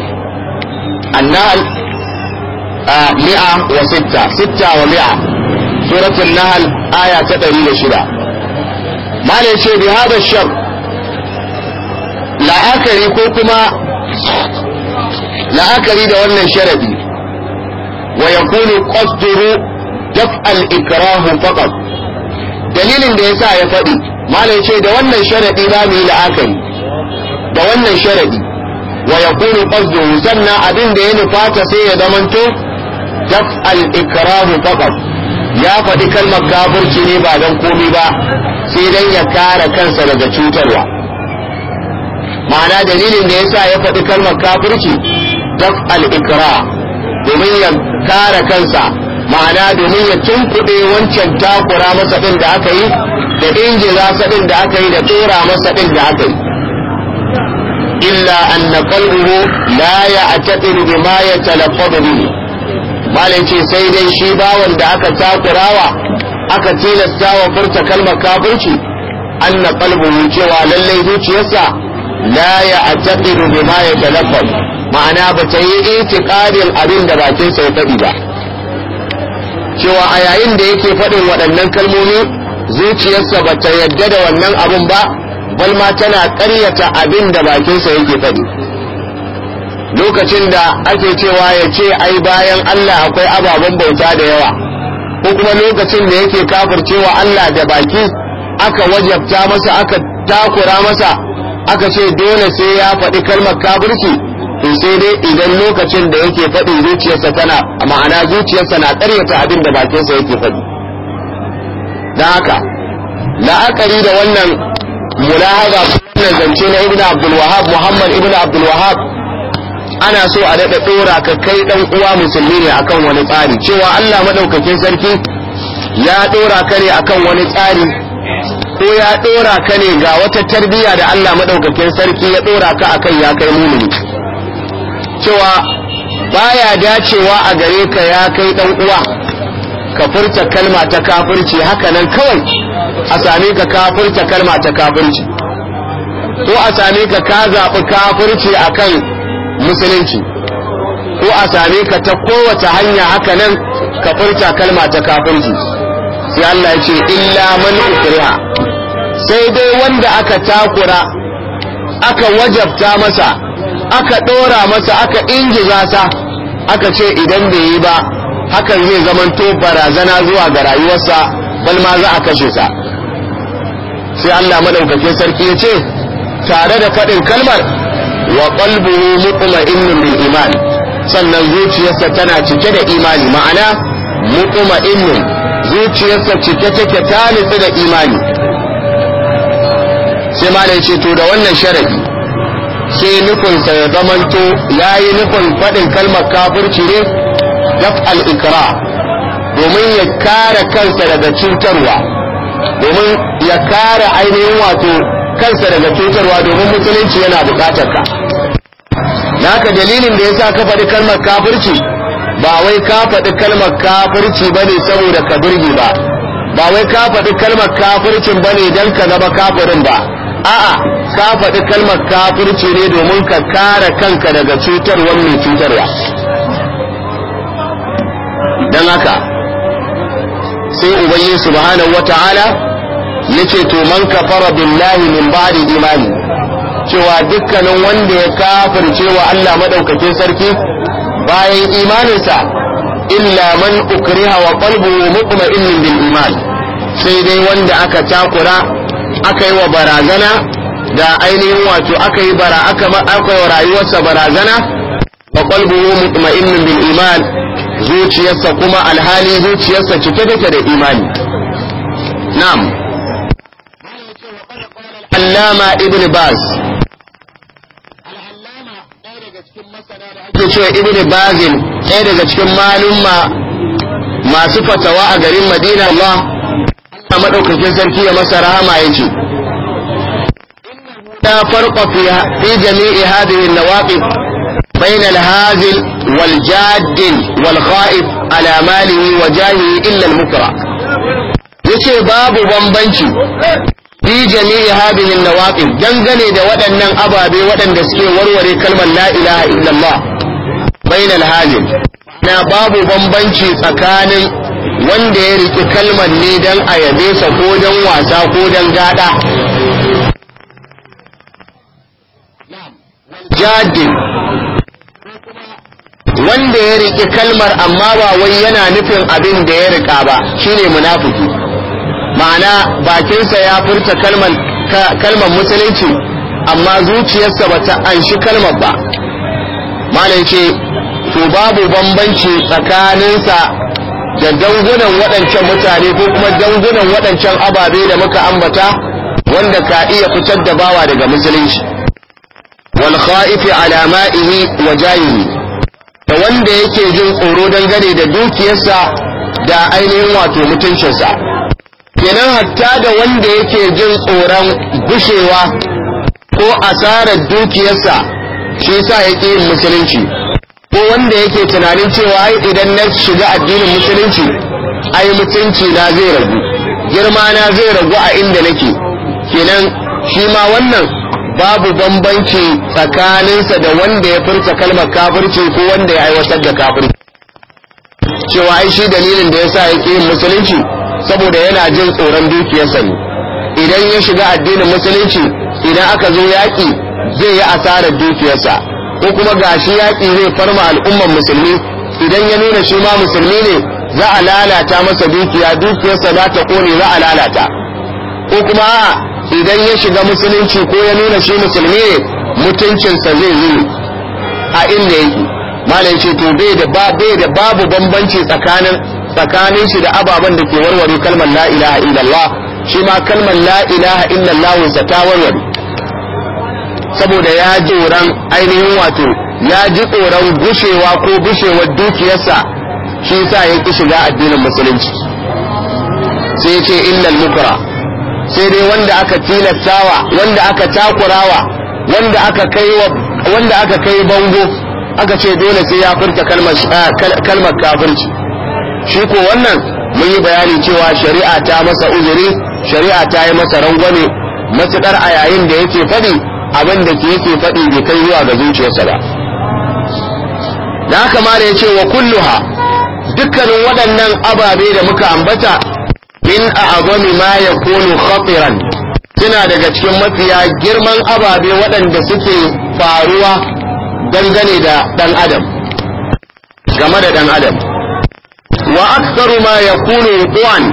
annal mi'a wa sitta sitta wa mi'a suratul nahl aya ta 106 mala ya ce bi hada shar la'akari ko kuma la'akari da wannan sharadi wa ya yakunu qasduhu daf al faɗa, dalilin da ya sa ya faɗi mala ya ce da wannan sharadi za mu yi la'akari da wannan sharadi wa ya yakunu qasduhu sannan abin da ya nufata sai ya zamanto daf al faɗa. ya faɗi kalmar kafirci ne ba don komi ba sai dan ya kare kansa daga cutarwa ma'ana dalilin da yasa ya faɗi kalmar kafirci daf al-ikra domin ya kare kansa ma'ana domin ya tunkuɗe wancan takura masa ɗin da aka yi da injira sa ɗin da aka yi da tsora masa ɗin da aka yi illa anna qalbuhu la ya'taqidu bima yatalaqqa malin ce sai dai shi bawan da aka takurawa aka tilasta wa furta kalmar kafirci anna qalbuhu cewa lallai zuciyarsa la ya ataqidu bima yatalaffaz ma'ana ba ta yi itiqadin abin da bakin sa ya faɗi ba cewa a yayin da yake faɗin waɗannan kalmomi zuciyarsa ba ta yadda da wannan abin ba balma tana ƙaryata abin da bakin sa yake faɗi lokacin da ake cewa ya ce ai bayan Allah akwai ababen bauta da yawa ko kuma lokacin da yake kafircewa Allah da baki aka wajabta masa aka takura masa aka ce dole sai ya faɗi kalmar kafirci to sai dai idan lokacin da yake faɗi zuciyarsa tana ma'ana zuciyarsa na ƙaryata abin da bakinsa yake faɗi don haka la'akari da wannan mulahaza wannan zance na ibn abdul wahab muhammad ibn abdul wahab ana so a daɗa ɗora ka kai ɗan uwa musulmi ne akan wani tsari cewa Allah maɗaukakin sarki ya ɗora ka ne akan wani tsari ko ya ɗora ka ne ga wata tarbiyya da Allah maɗaukakin sarki ya ɗora ka akan ya kai mumini cewa baya dacewa a gare ka ya kai ɗan uwa ka furta kalma ta kafirci haka nan kawai a same ka kalma ta kafirci ko a same ka ka zaɓi kafirci akan musulunci ko a same ka ta kowace hanya haka nan ka furta kalma ta kafirci sai Allah ya ce illa man ukriha sai dai wanda aka takura aka wajabta masa aka dora masa aka injiza ta aka ce idan bai yi ba hakan zai zamanto barazana zuwa ga rayuwarsa bal ma za a kashe sa sai Allah madaukakin sarki ya ce tare da faɗin kalmar wa qalbuhu mutma'innun bil iman sannan zuciyarsa tana cike da imani ma'ana mutma'innun zuciyarsa cike take ta nitsi da imani sai malai ce to da wannan sharadi sai nufinsa ya zamanto ya yi nufin faɗin kalmar kafirci ne daf al-ikra domin ya kare kansa daga cutarwa domin ya kare ainihin wato kansa daga cutarwa domin musulunci yana bukatar ka naka dalilin da yasa ka faɗi kalmar kafirci ba wai ka faɗi kalmar kafirci bane saboda ka birge ba ba wai ka faɗi kalmar kafircin bane dan ka zama kafirin ba a'a ka faɗi kalmar kafirci ne domin ka kare kanka daga cutarwar mai cutarwa dan haka sai ubangiji subhanahu wata'ala yace to man kafara billahi min ba'di imani cewa dukkanin wanda ya kafirce cewa Allah maɗaukacin sarki bayan imaninsa illa man ukriha wa qalbu mutma'innin bil iman sai dai wanda aka takura aka yi wa barazana da ainihin wato aka yi bara aka aka wa rayuwarsa barazana wa qalbu mutma'innin bil iman zuciyarsa kuma alhali zuciyarsa cike take da imani na'am allama ibn baz cewa ibn bazin ɗaya daga cikin malumma masu fatawa a garin madina Allah a maɗaukakin sarki ya masa rahama ya ce لا فرق في في جميع هذه النواقف بين الهازل والجاد والخائف wa ماله وجاهه إلا المكره yace babu bambanci fi jami'i hadhihi nawaqif dangane da waɗannan ababe waɗanda suke warware kalmar la ilaha illallah bainal na babu bambanci tsakanin wanda ya riki kalmar ne don a yabe sa ko don wasa ko don gada wanda ya riki kalmar amma ba wai yana nufin abin da ya rika ba shine munafiki ma'ana bakinsa ya furta kalmar kalmar musulunci amma zuciyarsa bata anshi kalmar ba malam ce to babu bambanci tsakaninsa da dangunan waɗancan mutane ko kuma dangunan waɗancan ababe da muka ambata wanda ka iya fitar da bawa daga musulunci wal khaifi ala ma'ihi wa jayihi da wanda yake jin tsoro dangane da dukiyarsa da ainihin wato mutuncinsa kenan hatta da wanda yake jin tsoron gushewa ko asarar dukiyarsa shi yasa yake yin musulunci ko wanda yake tunanin cewa ai idan na shiga addinin musulunci ai mutunci na zai ragu girma na zai ragu a inda nake kenan shi ma wannan babu bambanci tsakaninsa da wanda ya furta kalmar kafirci ko wanda ya aiwatar da kafirci cewa ai shi dalilin da yasa yake yin musulunci saboda yana jin tsoron dukiyarsa ne idan ya shiga addinin musulunci idan aka zo yaƙi zai yi asarar dukiyarsa ko kuma gashi yaƙi zai farma al'umman musulmi idan ya nuna shi ma musulmi ne za a lalata masa dukiya dukiyarsa za ta kone za a lalata ko kuma idan ya shiga musulunci ko ya nuna shi musulmi ne mutuncinsa zai yi a inda yake malam ce to bai da bai da babu bambanci tsakanin tsakanin shi da ababen da ke warware kalmar la ilaha illallah shi ma kalmar la ilaha illallah sa ta warware saboda ya ji tsoron ainihin wato ya ji tsoron gushewa ko gushewar dukiyarsa shi sa ya ki shiga addinin musulunci sai ce illal mukra sai dai wanda aka tilastawa wanda aka takurawa wanda aka kai wanda aka kai bango aka ce dole sai ya furta kalmar ah, kalmar kafirci shi ko wannan mun yi bayani cewa shari'a ta masa uzuri shari'a ta yi masa rangwame matuƙar a yayin da yake faɗi abin da ke yake faɗi bai kai zuwa ga zuciyarsa ba da haka mara ya ce wa kulluha dukkanin waɗannan ababe da muka ambata a a'azami ma yakunu khatiran suna daga cikin mafiya girman ababe waɗanda suke faruwa dangane da ɗan adam game da ɗan adam wa aktsaru ma yakunu qwan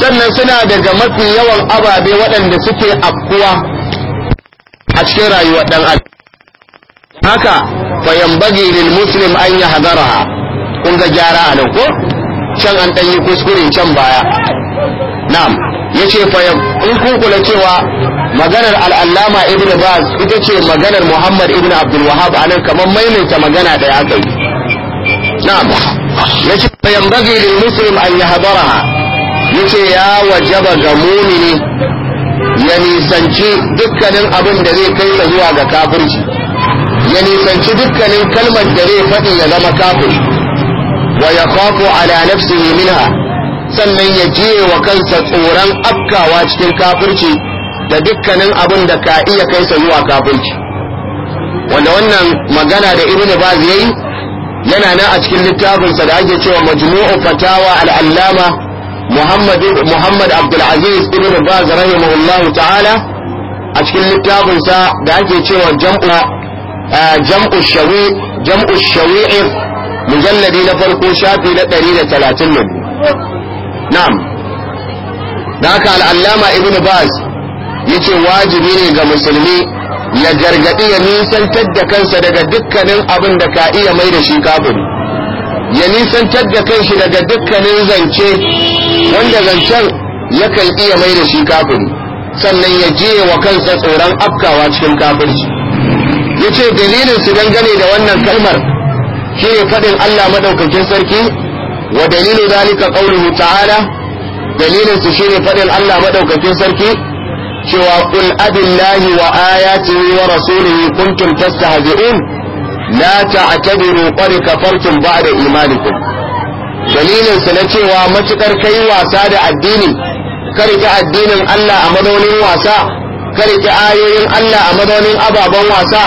sannan suna daga mafi yawan ababe waɗanda suke afkuwa a cikin rayuwar dan adam haka fa yambagi lil muslim an yahdaraha kun ga gyara nan? ko can an dan yi kuskure can baya na'am yace fa in kun kula cewa maganar al-allama ibn baz ita ce maganar muhammad ibn abdul wahhab anan kamar maimaita magana da aka yi na'am yace fa yambagi lil muslim an yahdaraha yace ya wajaba ga mumini ya nisanci dukkanin abin da zai kai sa zuwa ga kafirci ya nisanci dukkanin kalmar da zai faɗi ya zama kafir wa ya ala minha sannan ya je wa kansa tsoron afkawa cikin kafirci da dukkanin abin da ka iya kai sa zuwa kafirci wanda wannan magana da ibn baz yayi yana nan a cikin littafinsa da ake cewa majmu'u fatawa al-allama Muhammad Abdulaziz Abdul Aziz ibn Baz rahimahullahu ta'ala a cikin littafinsa da ake cewa jam'u jam'u shawi na farko shafi na da talatin da haka al-allama ibn Ya ce wajibi ne ga musulmi ya gargadi ya nisantar da kansa daga dukkanin abin da ka iya mai da shi kafiri ya nisantar da kanshi daga dukkanin zance wanda zancen yakan iya mai da shi kafiri sannan ya je wa kansa tsoron afkawa cikin kafirci ya ce dalilin su dangane da wannan kalmar shi ne faɗin Allah maɗaukakin sarki wa dalilu zalika qauluhu ta'ala dalilin su ne faɗin Allah maɗaukakin sarki cewa qul abillahi wa ayatihi wa rasulihi kuntum tastahzi'un la ta'tabiru qad kafartum ba'da imanikum dalilin sa na cewa matukar kai wasa da addini karki addinin Allah a madonin wasa karki ayoyin Allah a madonin ababen wasa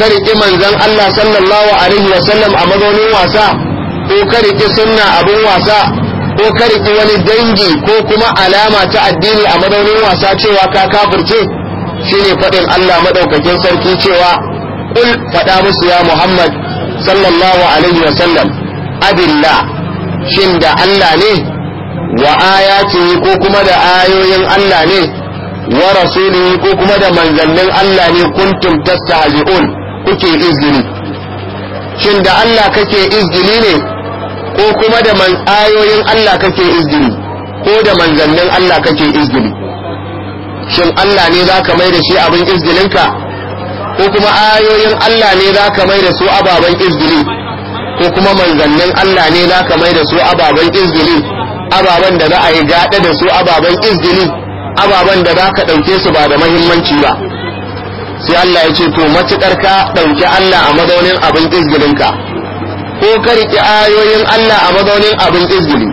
karki manzon Allah sallallahu alaihi wasallam a madonin wasa ko karki sunna abun wasa ko karki wani dangi ko kuma alama ta addini a madonin wasa cewa ka kafirce shine faɗin Allah madaukakin sarki cewa kul faɗa musu ya muhammad sallallahu alaihi wa sallam abilla shin da allah ne wa ayati ko kuma da ayoyin allah ne wa rasuli ko kuma da manzannin allah ne kuntum tastahzi'un kuke izini shin da allah kake izini ne ko kuma da man ayoyin allah kake izini ko da manzannin allah kake izini shin allah ne za ka mai da shi abin izininka ko kuma ayoyin Allah ne za ka mai da su ababen izgili ko kuma manzannin Allah ne za ka mai da su ababen izgili ababen da za a yi gaɗa da su ababen izgili ababen da za ka ɗauke su ba da mahimmanci ba sai Allah ya ce to matuƙar ka ɗauki Allah a mazaunin abin izgilinka ko ka riƙi ayoyin Allah a mazaunin abin izgili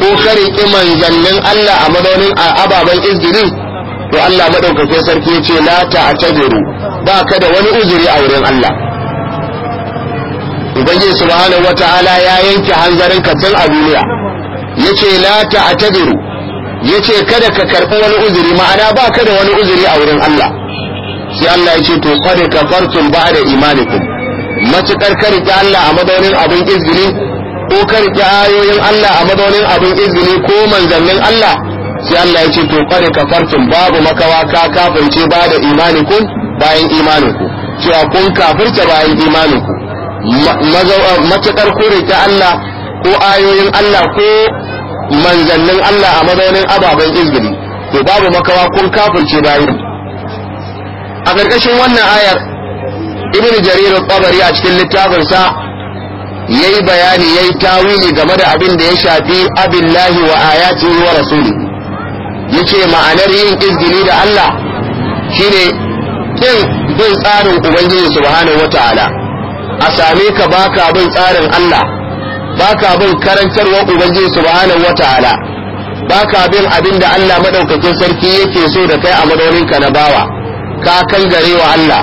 ko ka riƙi manzannin Allah a mazaunin ababen izgili to Allah maɗaukake sarki ya ce la ta'tabiru ba ka da wani uzuri a wurin Allah ubangi subhanahu wataala ya yanke hanzarin ka tun a duniya yace la ta'tadiru yace kada ka karbi wani uzuri ma'ana ba ka da wani uzuri a wurin Allah sai Allah yace to qad kafartum ba'da imanikum matukar ka rike Allah a madaunin abin izini ko ka rike ayoyin Allah a madaunin abin izini ko manzannin Allah sai Allah yace to qad kafartum babu makawa ka kafirce ba da imanikun. bayan imaninku cewa kun kafirta bayan imaninku eh, matuƙar ta Allah ko ayoyin Allah ko manzannin Allah a mazaunin ababen izgiri to babu makawa kun kafirce bayan a ƙarƙashin wannan ayar ibn jarir tabari a cikin littafinsa ya yi bayani ya yi tawili game da abin da ya shafi abillahi wa ayatihi wa rasuli yace ma'anar yin izgili da Allah shine kin bin tsarin ubangiji subhanahu wataala a same ka baka bin tsarin Allah baka bin karantarwa ubangiji subhanahu wataala baka bin abin da Allah madaukakin sarki yake so da kai a madaurin ka na bawa ka kangare wa Allah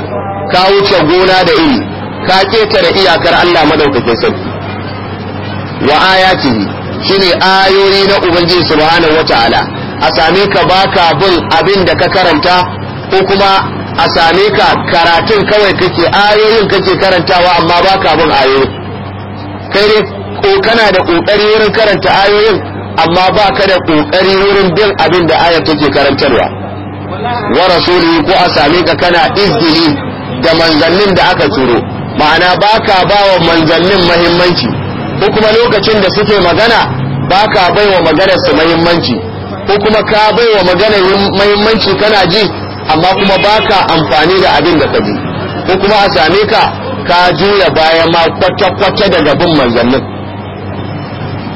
ka wuce gona da iri ka ketare iyakar Allah madaukakin sarki wa ayati shine ayoyi na ubangiji subhanahu wataala a same ka baka bin abin da ka karanta ko kuma a same ka karatun kawai kake ayoyin kake karantawa amma ba ka bin ayoyin kai ne kana da kokari wurin karanta ayoyin amma ba ka da kokari wurin bin abin da ayar take karantarwa wa rasuli ko a same ka kana izgili da manzannin da aka turo ma'ana ba ka ba wa manzannin mahimmanci ko kuma lokacin da suke magana ba ka bai wa maganarsu mahimmanci ko kuma ka bai wa maganar mahimmanci kana ji amma kuma baka amfani da abin da ka ko kuma a same ka ka juya baya ma kwata-kwata daga bin manzannin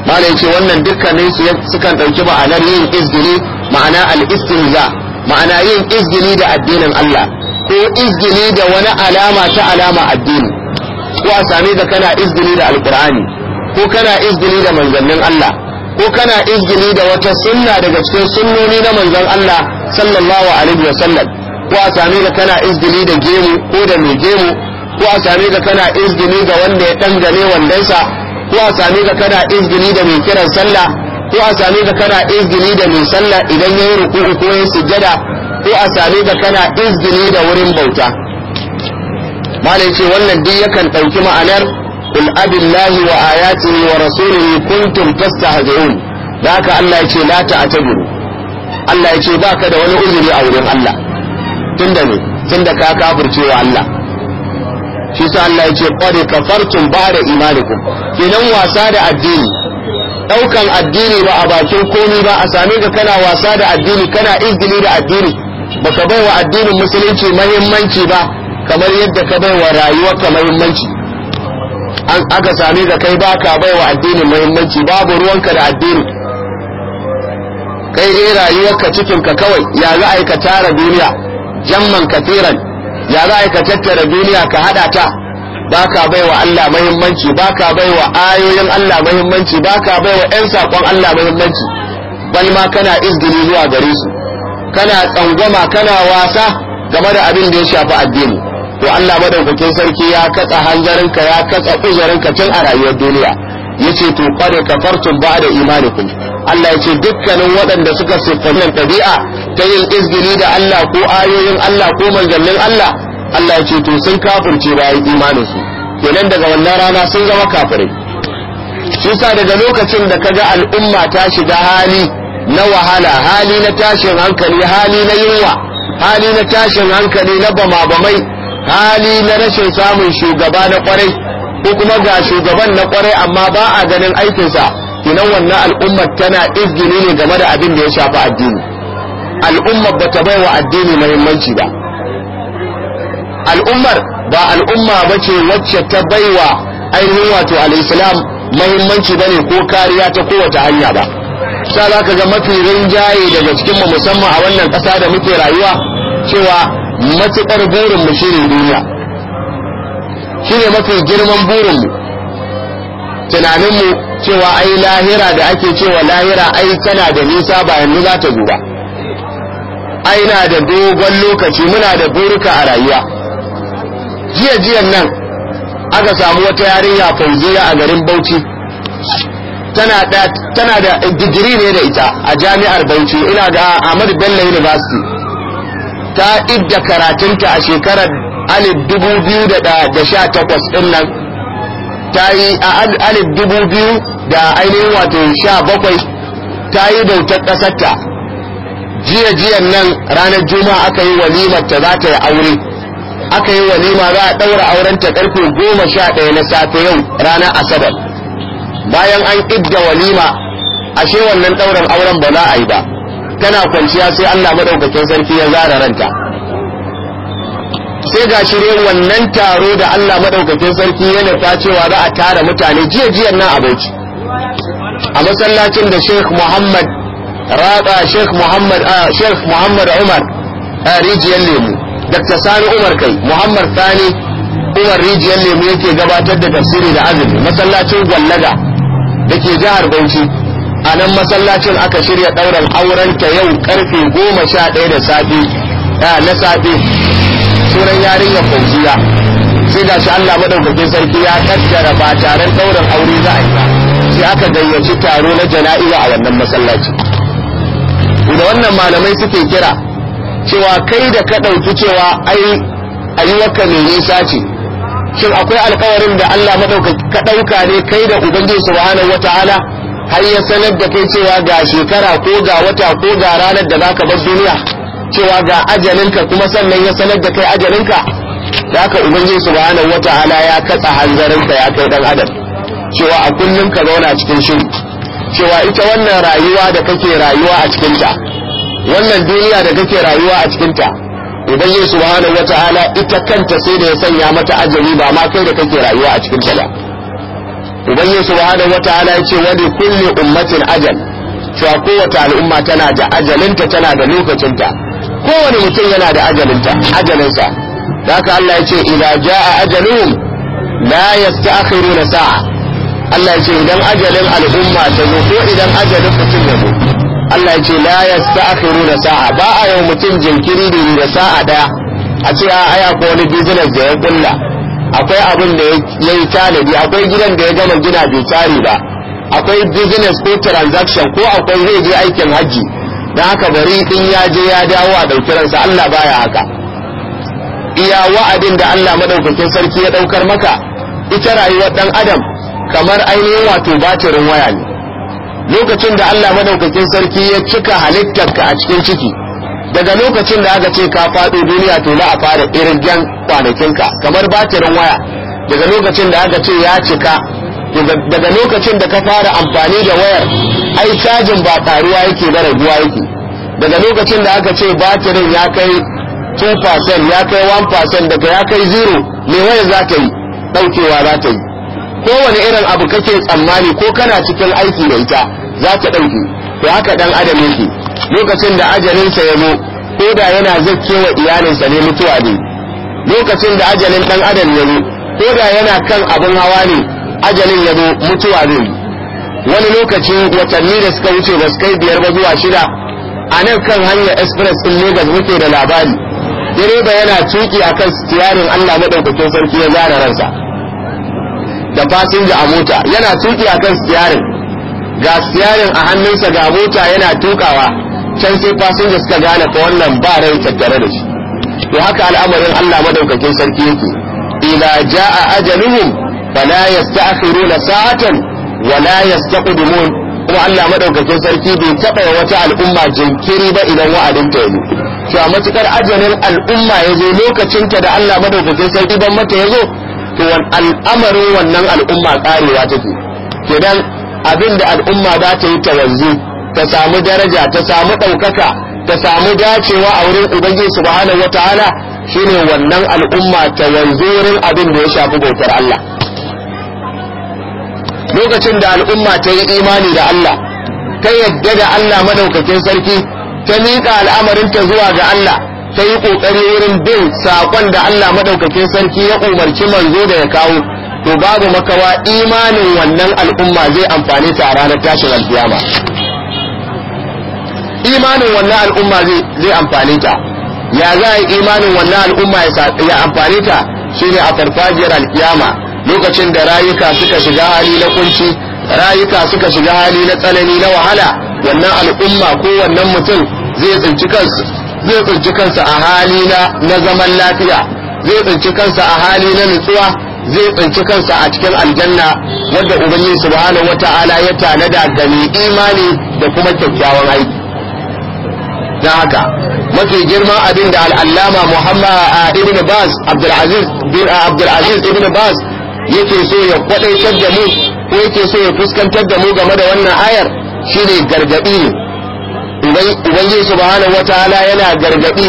malai ce wannan dukkanin su sukan ɗauki ma'anar yin izgili ma'ana al-istinza ma'ana yin izgili da addinin Allah ko izgili da wani alama ta alama addini ko a same ka kana izgili da alkur'ani ko kana izgili da manzannin Allah ko kana izgili da wata sunna daga cikin sunnoni na manzon Allah sallallahu alaihi sallam ko a same ka kana izgili da gemu ko da mai gemu ko a same ka kana izgili ga wanda ya dangane wandansa ko a same ka kana izgili da mai kiran sallah ko a same ka kana izgili da mai sallah idan ya yi ruku'u ko ya sujjada ko a same ka kana izgili da wurin bauta malai ce wannan duk yakan ɗauki ma'anar kul abillahi wa ayatihi wa rasulihi kuntum tastahzi'un da haka Allah ya ce la ta'tabiru Allah ya ce ba ka da wani uzuri a wurin Allah tunda ne tunda ka kafirce wa Allah shi sa Allah ya ce qad kafartum ba'da imanikum kenan wasa da addini Ɗaukan addini ba a bakin komi ba a same ka kana wasa da addini kana izini da addini ba ka bai wa addinin musulunci mahimmanci ba kamar yadda ka bai wa rayuwarka muhimmanci an aka same ka kai ba ka bai wa addinin mahimmanci babu ruwanka da addini kai dai rayuwarka cikin ka kawai ya za a yi ka tara duniya jamman kafiran ya za a yi ka tattara duniya ka hada ta baka baiwa Allah muhimmanci baka baiwa ayoyin Allah muhimmanci baka baiwa yan sakon Allah muhimmanci bal ma kana izgini zuwa gare su kana tsangwama kana wasa game da abin da ya shafi addini to Allah madaukakin sarki ya katsa hanzarinka ya katsa uzarinka tun a rayuwar duniya yace to qad kafartum ba'da imanikum Allah ya ce dukkanin waɗanda suka siffannan ɗabi'a ta yin izgili da Allah ko ayoyin Allah ko manzannin Allah Allah ya ce to sun kafirce bayan imanin su kenan daga wannan rana sun zama kafirai shi sa daga lokacin da kaga al'umma ta shiga hali na wahala hali na tashin hankali hali na yunwa hali na tashin hankali na bama-bamai hali na rashin samun shugaba na kwarai ko kuma ga shugaban na kwarai amma ba a ganin aikinsa kinan wannan al'ummar tana izgili ne game da abin da ya shafi addini al'ummar ba ta bai wa addini muhimmanci ba al'ummar ba al'umma ba ce wacce ta bai wa ainihin wato al'islam muhimmanci ba ne ko kariya ta kowace hanya ba sa za ka ga mafi rinjaye daga cikin cikinmu musamman a wannan ƙasa da muke rayuwa cewa matuƙar burinmu mu shine duniya shine mafi girman burin tunanin tunaninmu cewa ai lahira da ake cewa lahira ai tana da nisa ba yanzu za ta zo ba ai na da dogon lokaci muna da burika a rayuwa jiya jiyan nan aka samu wata yarinya fauziya a garin Bauchi tana da tana da digiri ne da ita a jami'ar Bauchi ina ga Ahmad Bello University ta idda karatunta a shekarar alif dubu biyu da sha nan ta yi a alif dubu biyu da ainihin wato sha bakwai ta yi bautar ƙasarta jiya jiyan nan ranar juma'a aka yi walimar ta za ta yi aure aka yi walima za a ɗaura auren ta ƙarfe goma sha ɗaya na safe yau ranar asabar bayan an ƙidda walima ashe wannan ɗaurin auren ba za a yi ba tana kwanciya sai allah maɗaukakin sarki ya zara ranta sai ga shirye wannan taro da allah maɗaukakin sarki ya nufa cewa za a tara mutane jiya jiyan nan a bauchi a masallacin da sheikh muhammad sheikh muhammad a sheikh muhammad umar a rijiyar lemu dr sani umar kai muhammad sani umar rijiyar lemu yake gabatar da tafsiri da azumi masallacin gwallaga da ke jihar bauchi a nan masallacin aka shirya ɗauran aurenta yau karfe goma sha ɗaya da safe na safe sunan yarinyar fauziya sai da shi allah maɗaukakin sarki ya kaddara ba taron ɗauran aure za a yi ba sai aka gayyaci taro na jana'iza a wannan masallaci da wannan malamai suke kira cewa kai da ka ɗauki cewa ai ayyuka mai nisa ce shin akwai alkawarin da Allah ka ɗauka ne kai da ubangiji subhanahu wataala har ya sanar da kai cewa ga shekara ko ga wata ko ga ranar da zaka bar duniya cewa ga ajalinka kuma sannan ya sanar da kai ajalinka da haka ubangiji subhanahu wataala ya katsa hanzarinka ya kai dan adam cewa a kullum ka zauna cikin shiri cewa ita wannan rayuwa da kake rayuwa a cikinta wannan duniya da kake rayuwa a cikinta ubangiji subhanahu wata'ala ita kanta sai da ya sanya mata ajali ba ma kai da kake rayuwa a cikinta ba ubangiji subhanahu wata'ala ya ce wani kulli ummatin ajal cewa kowace al'umma tana da ajalinta tana da lokacinta kowane mutum yana da ajalinta ajalinsa da haka Allah ya ce idza jaa ajaluhum la yasta'khiruna sa'a Allah ya ce idan ajalin al'umma ta zo ko idan ajalin mutum ya zo Allah ya ce la yasta'khiru da sa'a ba a yau mutum jinkiri da da sa'a daya a ce a aya ko wani business da ya kulla akwai abin da ya yi tanadi akwai gidan da ya gama gina bai tsari ba akwai business ko transaction ko akwai zai je aikin hajji da haka bari in ya je ya dawo a ɗauki ransa Allah baya haka iya wa'adin da Allah madaukakin sarki ya ɗaukar maka ita rayuwar ɗan adam kamar ainihin wato batirin waya ne lokacin da Allah madaukakin sarki ya cika halittar ka a cikin ciki daga lokacin da aka ce ka faɗo duniya to la a fara irin kwanakin ka kamar batirin waya daga lokacin da aka ce ya cika daga lokacin da ka fara amfani da wayar ai cajin ba taruwa yake ba raguwa yake daga lokacin da aka ce batirin ya kai 2% ya kai 1% daga ya kai 0 me waya za ta yi daukewa za ta yi kowane irin abu kake tsammani ko kana cikin aiki da ita za ta ɗauke to haka ɗan adam yake lokacin da ajalinsa ya zo ko da yana zakkewa iyalinsa ne mutuwa ne lokacin da ajalin ɗan adam ya zo ko da yana kan abin hawa ne ajalin ya zo mutuwa ne wani lokaci watanni da suka wuce ba su kai biyar ba zuwa shida a nan kan hanyar express ɗin Legas muke da labari direba yana tuki akan stiyarin Allah madaukakin sarki ya zara ransa da fasinja a mota yana tuki akan siyarin ga siyarin a hannunsa ga mota yana tukawa can sai fasinja suka gane ko wannan ba rai tattare da shi to haka al'amarin Allah madaukakin sarki yake idza jaa ajaluhum fala yasta'khiruna sa'atan wala yastaqdimun kuma Allah madaukakin sarki bai taba wata al'umma jinkiri ba idan wa'adin ta yi to a matukar ajalin al'umma yazo lokacin ta da Allah madaukakin sarki ban mata yazo to al'amarin wannan al'umma karewa take idan abin da al'umma za ta yi tawazzu ta samu daraja ta samu ɗaukaka ta samu dacewa a wurin ubangiji subhanahu wataala shine wannan al'umma ta wurin abin da ya shafi bautar Allah lokacin da al'umma ta yi imani da Allah ta yadda da Allah madaukakin sarki ta miƙa al'amarinta zuwa ga Allah ta yi kokari wurin bin sakon da Allah madaukakin sarki ya umarci manzo da ya kawo to babu makawa imanin wannan al'umma zai amfane ta a ranar tashin alkiyama imanin wannan al'umma zai amfane ta ya za a yi imanin wannan al'umma ya amfane ta shi ne a farfajiyar alkiyama lokacin da rayuka suka shiga hali na kunci rayuka suka shiga hali na tsanani na wahala wannan al'umma ko wannan mutum zai tsinci kansu. zai tsinci kansa a hali na zaman lafiya zai tsinci kansa a hali na nutsuwa zai tsinci kansa a cikin aljanna wadda ubangiji subhanahu wata'ala ya tanada da mai imani da kuma kyakkyawan aiki don haka mafi girman abin da al'allama muhammad ibn bas abdulaziz bin abdulaziz ibn bas yake so ya kwadaitar da mu ko yake so ya fuskantar da mu game da wannan ayar shine gargadi ne ubangiji subhanahu wataala yana gargadi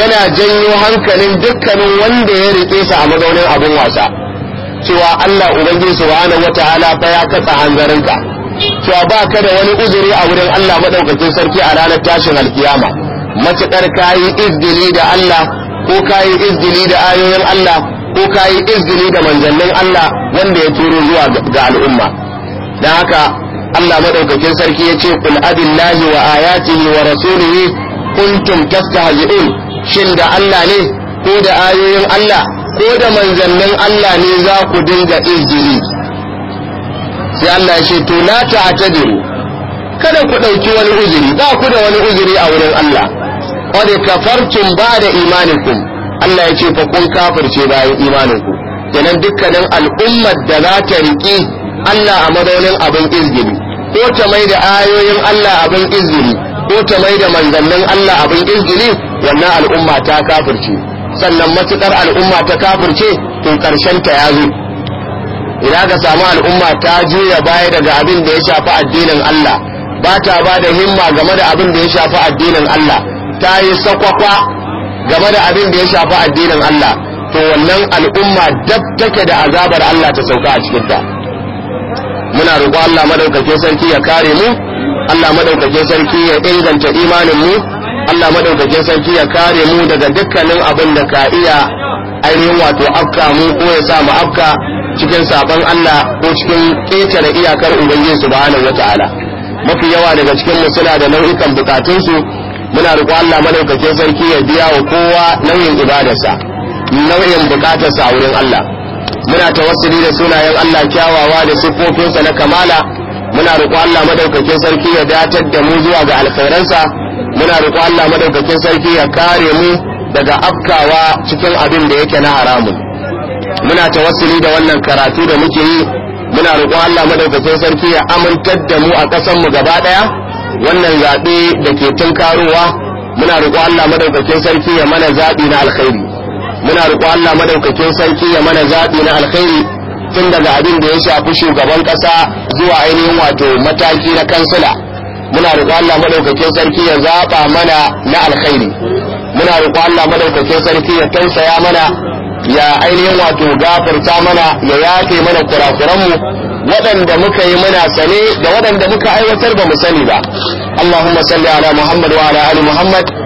yana janyo hankalin dukkanin wanda ya rike sa a mazaunin abin wasa cewa Allah ubangiji subhanahu wataala fa ya katsa hanzarinka cewa ba ka da wani uzuri a wurin Allah madaukakin sarki a ranar tashin alkiyama matukar kayi izdili da Allah ko kayi izdili da ayoyin Allah ko kayi izdili da manzannin Allah wanda ya turo zuwa ga al'umma dan haka Allah madaukakin sarki ya ce kul abillahi wa ayatihi wa rasulihi kuntum tastahzi'un shin da Allah ne ko da ayoyin Allah ko da manzannin Allah ne za ku dinga izini sai Allah ya ce to la ta'tadiru kada ku dauki wani uzuri ba ku da wani uzuri a wurin Allah qad kafartum ba'da imanikum Allah ya ce fa kun kafirce bayan imaninku kenan dukkanin al'ummar da za ta riƙi Allah a madaunin abin izgili ko ta mai da ayoyin Allah abin izini, ko ta mai da manzannin Allah abin izini wannan al'umma ta kafirce sannan matukar al'umma ta kafirce to karshen ta ya ina ga samu al'umma ta juya baya daga abin da ya shafi addinin Allah ba ta ba da himma game da abin da ya shafi addinin Allah ta yi sakwakwa game da abin da ya shafi addinin Allah to wannan al'umma dab take da azabar Allah ta sauka a cikin ta muna roƙo Allah madaukakin sarki ya kare mu Allah madaukakin sarki ya inganta imanin mu Allah madaukakin sarki ya kare mu daga dukkanin abin da ka iya ainihin wato afka mu ko ya sa mu afka cikin sabon Allah ko cikin ƙetare iyakar ubangiji subhanahu wataala mafi yawa daga cikin mu suna da nau'ikan bukatunsu muna roƙo Allah madaukakin sarki ya biya wa kowa nauyin ibadarsa nau'in bukatarsa a wurin Allah muna ta tawassuli da sunayen Allah kyawawa da siffofinsa na kamala muna roƙo Allah madaukakin sarki ya datar da mu zuwa ga alkhairansa muna roƙo Allah madaukakin sarki ya kare mu daga afkawa cikin abin da yake na haramun muna ta tawassuli da wannan karatu da muke yi muna roƙo Allah madaukakin sarki ya amintar da mu a ƙasar mu gaba ɗaya wannan zaɓe da ke tunkarowa muna roƙo Allah madaukakin sarki ya mana zaɓi na alkhairi muna riko Allah madaukakin sarki ya mana zaɓi na alkhairi tun daga abin da ya shafi shugaban ƙasa zuwa ainihin wato mataki na kansila muna roƙo Allah madaukakin sarki ya zaɓa mana na alkhairi muna roƙo Allah madaukakin sarki ya tausaya mana ya ainihin wato gafarta mana ya yafe mana kurakuranmu waɗanda muka yi muna sane da waɗanda muka aiwatar ba mu sani ba Allahumma salli ala Muhammad wa ala ali Muhammad